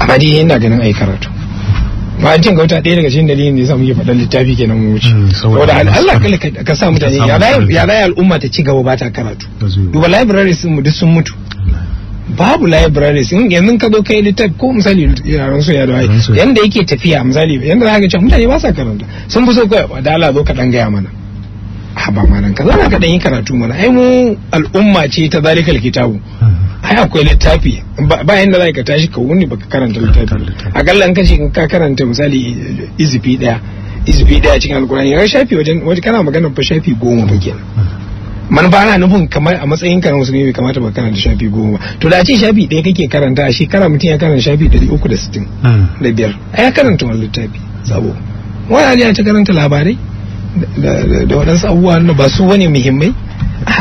amma dai yana ganin ai karatu a cin gauta ɗaya daga cikin dalilin da ya samu ke faɗar littafi kenan mu wuce hmm, saboda Allah kala ka sa mutane ya layi al'umma ta ci gaba ba ta karatu duba sun mu duk sun mutu babu libraries in yanzu ka zo kai littafi ko misali yaran su yaro ai yanda yake tafiya misali yanda zaka ce mutane ba sa karanta sun fi so kai da Allah zo ka dan gaya mana a ah, ba ma nan ka zana ka dan yi karatu mana ai mu al'umma ce ta zalikal kitabu ai akwai littafi ba yanda zaka tashi ka wuni baka karanta littafi A kallan ka shi ka karanta misali izifi daya izifi daya cikin alkurani ya shafi wajen kana magana fa shafi goma ba kenan man ba na nufin kamar a matsayin ka na musulmi bai kamata ba kana da shafi goma to da ce shafi ɗaya kake karanta a shekara mutum ya karanta shafi ɗari uku da sittin da biyar a ya karanta wani littafi sabo wani ya ta karanta labarai da waɗansu abubuwa ba su wani muhimmai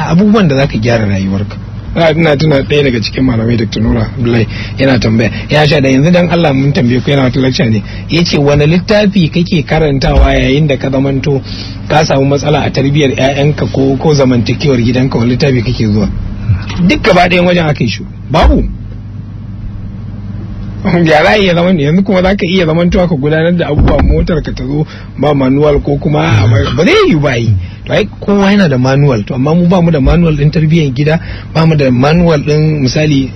abubuwan da za ka gyara rayuwarka Ah, ina tuna ɗaya daga cikin malamai dr nura abdullahi yana tambaya ya sha da yanzu dan allah mun tambaye ku yana wata lacca ne ya ce wani littafi kake karantawa yayin da ka zamanto ka samu matsala a tarbiyyar 'ya'yanka ko ko zamantakewar gidanka wani littafi kake zuwa duk gaba ɗayan wajen aka yi shi babu ya yanzu kuma za ka iya zamantowa ka gudanar da abubuwa motar ka ta zo ba manual ko kuma ba zai yi ba yi to ai kowa yana da manual to amma mu ba mu da manual din tarbiyyar gida ba mu da manual din misali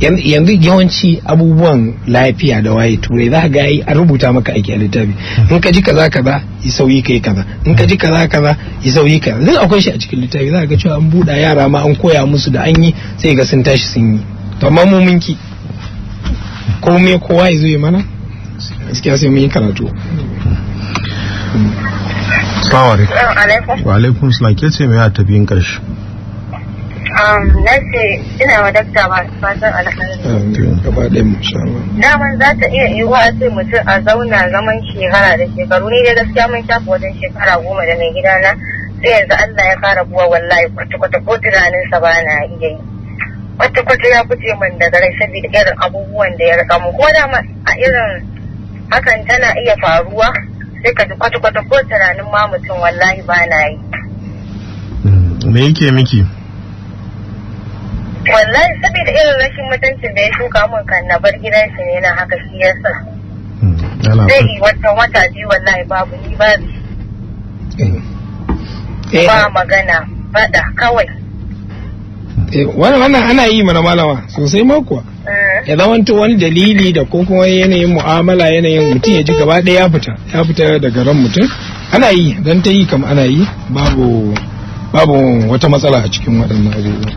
yanzu yawanci abubuwan lafiya da waye turai za ka ga yi rubuta maka aiki a littafi in ka ji kaza kaza yi sauyi kai kaza in ka ji kaza kaza yi sauyi kaza zai akwai shi a cikin littafi za ka ga cewa an buɗa yara ma an koya musu da an yi sai ga sun tashi sun yi to amma mu minki ki komai kowa ya zo yi mana gaskiya sai mun yi karatu Assalamu Wa alaikum salam ke ce me ya tafi yin um, na ce ina wa dakta ba fatan alhamdulillah. Daman za ta iya yiwuwa a ce mutum a zauna zaman shekara da shekaru ne dai gaskiya mun shafa wajen shekara goma da mai gidana sai yanzu Allah ya fara buwa wallahi kwata-kwata ko tunaninsa ba na iya yi. Kwata-kwata ya fice min da rai saboda irin abubuwan da ya rika mu ko da a irin hakan tana iya faruwa sai ka ji kwata-kwata ko tunanin ma mutum wallahi ba na yi. Mm, me yake miki? Wallahi saboda irin rashin mutuncin da ya shuka mun kan na bar gidan shi ne na haka shi ya sa. Mm, Zai yi wata wata biyu wallahi babu ni ba eh. Eh. Ba magana, fada kawai. Eh, wannan ana yi mana malama sosai makuwa. ya zamanto wani dalili da ko kuma yanayin mu'amala yanayin mutum ya ji gaba ɗaya ya fita ya fita daga ran mutum ana yi don ta yi kam ana yi babu babu wata matsala a cikin waɗannan abubuwa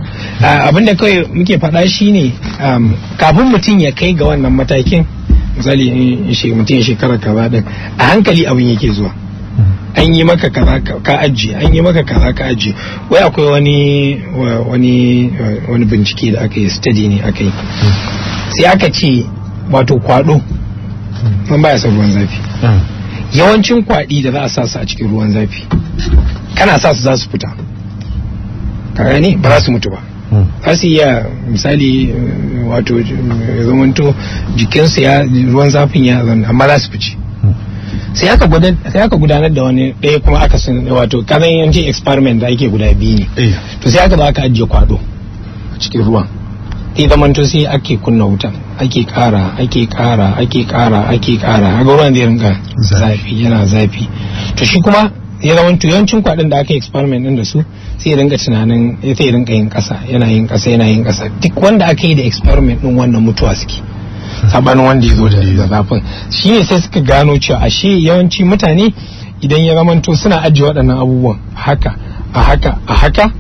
abin da kawai muke faɗa shi ne um, kafin mutum ya kai ga wannan matakin misali mutum ya shekara kaza din a hankali abin yake zuwa an yi maka kaza ka ajiye an yi maka kaza ka ajiye wai akwai wani wani wani bincike da aka yi study ne aka yi sai aka ce wato kwado man baya son ruwan zafi hmm. yawancin kwaɗi da za a sa su a cikin ruwan zafi kana sa su za su fita ka ba za su mutu ba hmm. za su iya misali wato zamanto jikinsu ya ruwan zafin ya zan amma za su fice hmm. sai aka gudanar da wani ɗaya kuma aka sun wato kazan yanci experiment da ake guda biyu ne eh. to sai aka ba aka ajiye kwado a cikin ruwan ya zamanto sai ake kunna wutan ake kara ake kara ake kara ake kara a da ya ringa zafi yana zafi to shi kuma ya zamanto yawancin kwaɗin da aka yi experiment din da su sai ya ringa tunanin ya sai ringa yin kasa yana yin ƙasa yana yin ƙasa duk wanda aka yi da experiment din wannan mutuwa suke sabanin wanda ya zo da zafin shi ne sai suka gano cewa ashe yawanci mutane idan ya zamanto suna ajiye waɗannan abubuwan haka a haka a haka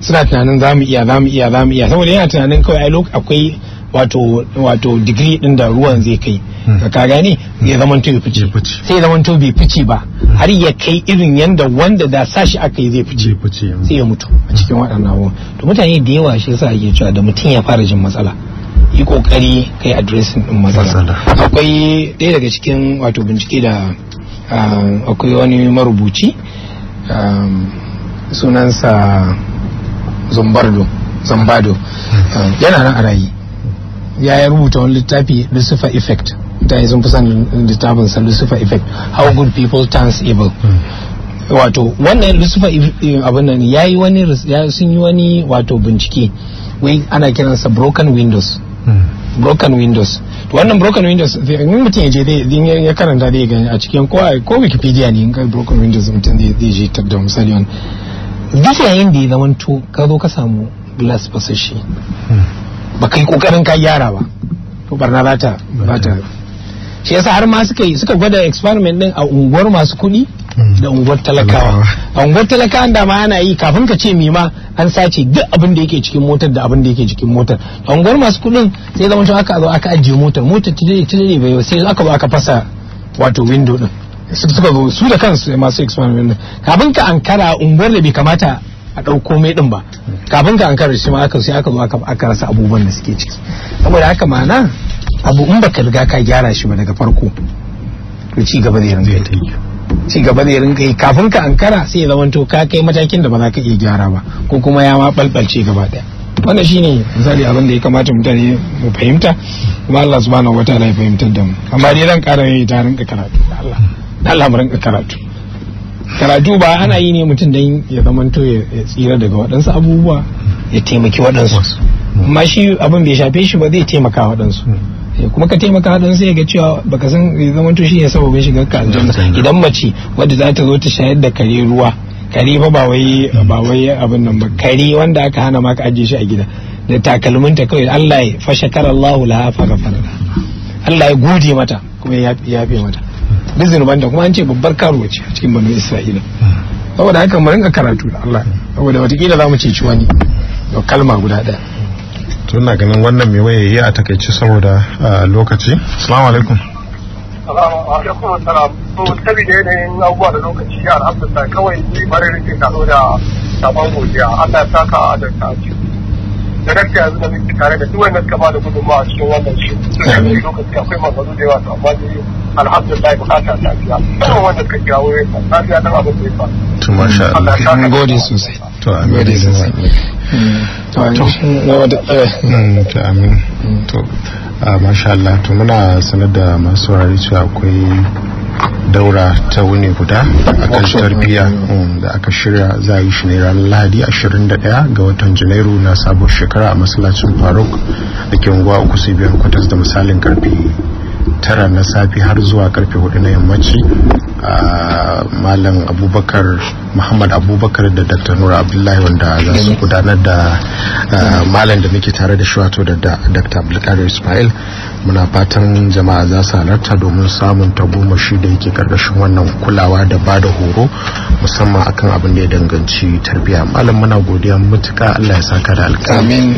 suna tunanin za mu iya za mu iya za mu iya saboda yana tunanin kawai a akwai wato wato digiri din da ruwan zai kai hmm. ka gane ya zama to fice sai zama to bai fice ba hmm. har ya kai irin yanda wanda da sashi aka yi zai fice hmm. sai ya mutu a cikin waɗannan ruwan to mutane da yawa shi yasa ake cewa da mutum ya fara jin matsala yi kokari kai addressing din matsala akwai ɗaya daga cikin wato bincike da ah, akwai wani marubuci ah, sunansa zumbardo zambado hmm. yana nan a rayi ya yi rubuta wani littafi lucifer effect ta yi kusan san littafin sa lucifer effect how good people turns evil hmm. wato wannan lucifer eh, abin nan ya yi wani sun yi wani wato bincike wai ana kiransa broken windows hmm. broken windows wannan broken windows eh, in mutum ya je dai ya karanta dai gani a cikin ko wikipedia ne in kai broken windows mutum zai je da misali wani duk yayin da ya zamanto ka zo ka samu glass shi ba kai kokarin ka yara ba to barna za ta ba ta shi yasa har ma suka yi suka gwada experiment din a unguwar masu kuɗi da unguwar talakawa a unguwar talakawa da ma ana yi kafin ka ce me ma an sace duk abin da yake cikin motar da abin da yake cikin motar a unguwar masu kuɗin sai zama aka zo aka ajiye motar motar ta ne bai sai aka zo aka fasa wato window din suka zo su da kansu masu experiment kafin ka ankara unguwar da bai kamata a ɗauko mai ɗin ba kafin ka ankara shi ma aka sai aka zo aka rasa abubuwan da suke ciki saboda haka ma'ana abu in baka riga ka gyara shi ba daga farko to ci gaba da rinka ci gaba da rinka yi kafin ka ankara sai ya zamanto ka kai matakin da ba za ka iya gyara ba ko kuma ya ma balbalce gaba Wanda wannan shine misali abin da ya kamata mutane mu fahimta kuma Allah subhanahu wataala ya fahimtar da mu amma dai ran ƙara yi ta rinka karatu Allah Allah mu karatu karatu ba ana yi ne mutum dan ya zamanto ya tsira daga waɗansu abubuwa ya taimaki waɗansu amma shi abin bai shafe shi ba zai taimaka waɗansu eh, kuma ka taimaka waɗansu ya ga cewa baka san ya zamanto shi ne sababin shiga ka idan mace wadda za ta zo ta shayar da kare ruwa kare fa ba wai ba wai abin nan ba kare wanda aka hana ma ka ajiye shi a gida da takalminta kawai Allah ya fashakar Allahu laha fa Allah ya gode mata kuma ya yafe mata duk zunuban da kuma an ce babbar karuwa ce a cikin banu isra'ila saboda haka mu rinka karatu da Allah saboda watakila za mu ce ciwa ne da kalma guda ɗaya to ina ganin wannan mai waye ya a takaice saboda lokaci assalamu alaikum Salamu alaikum salam. To saboda yanayin abubuwa da lokaci ya alhamdulillah kawai ni bare rike taro da sabon godiya. Allah ya saka da ta da gaskiya yanzu da muke tare da duk wanda suka bada gudunmawa a cikin wannan shi sun lokaci akwai masu da yawa amma dai alhamdulillah bukata lafiya kuma wanda suka jawo yadda lafiya dan abin da ya fa to masha Allah mun gode sosai to amin gode sosai to amin to eh. mm, ah, masha Allah to muna sanar da masu rari cewa akwai daura ta wuni guda a kan tarbiyya um, da aka shirya za a yi shi ne ranar lahadi 21 ga watan janairu na sabon shekara a masallacin faruk da ke unguwa uku sai biyar kwatas da misalin karfe tara na safe har zuwa karfe hudu na yammaci malam abubakar muhammad abubakar da dr nura abdullahi wanda za su gudanar da malam da muke tare da shuwato da dr Abdullahi ismail muna fatan jama'a za su halarta domin samun tagomashi da yake karkashin wannan kulawa da ba da horo musamman akan abin da ya danganci tarbiyya malam muna godiya mutuka allah ya saka da alƙali amin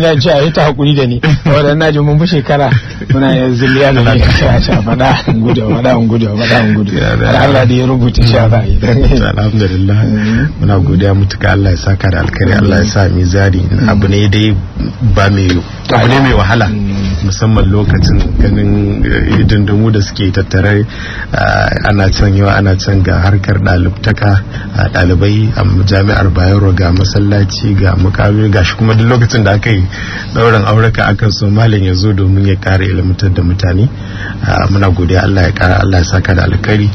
na a yi ta hakuri da ni wadannan mun muna yanzu da ni a faɗa wada an gudu wada an gudu Allah da ya rubuta shi a bai alhamdulillah muna godiya mutuka Allah ya saka da alkhairi Allah ya sa mizani abu ne dai ba mai abu ne mai wahala musamman lokacin ganin eh, dindimu da suke tattare eh, ana can yawa ana can ga harkar ɗalibtaka eh, ɗalibai a jami'ar bayero ga masallaci ga mukami ga shi kuma duk lokacin da aka yi ɗaurin auraka akan so malin ya zo domin ya ƙara ilmantar da mutane muna godiya allah ya kara allah ya saka da alkari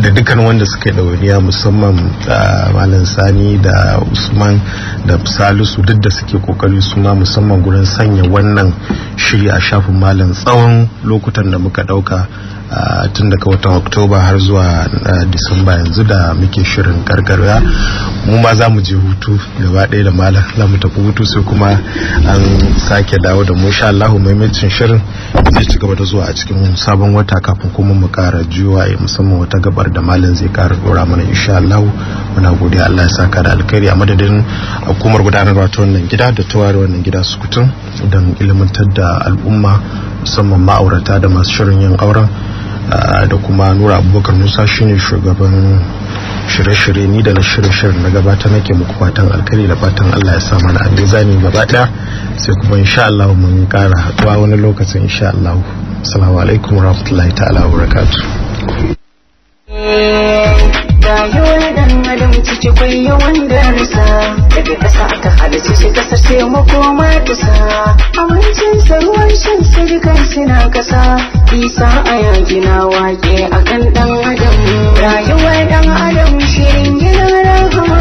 da dukkan wanda suka yi ɗawainiya musamman ah, malam sani da usman da salisu duk da suke kokari su ma musamman gurin sanya wannan shiri a shafin malam tsawon lokutan da muka ɗauka tun daga watan oktoba har zuwa disamba yanzu da muke shirin gargarwa mu ma za mu je hutu gaba ɗaya da malam za mu tafi hutu sai kuma an sake dawo da mu sha Allahu maimacin shirin zai ci gaba da zuwa a cikin sabon wata kafin kuma mu kara juwa ya musamman wata gabar da malam zai kara dora mana insha Allahu muna godiya Allah ya saka da alkhairi a madadin hukumar gudanarwa ta wannan gida da ware wannan gida sukutun don ilimantar da al'umma musamman ma'aurata da masu shirin yin auren Ah, da kuma nura abubakar musa shine shugaban shirye-shirye ni da na shirye-shirye na gabata nake muku fatan alkali da fatan allah ya sa mana alizani gaba gabata sai kuma insha allah mun kara haɗuwa wani lokacin insha allah salamu alaikum rahmatullahi ta'ala wa barakatuh dan adam yawan darasa daga ƙasa aka halice shi ƙasar sai makoma ta sa abincin shan sirgar suna ƙasa isa a yaƙi na waƙe akan dan adam rayuwar dan adam shirin gina rahama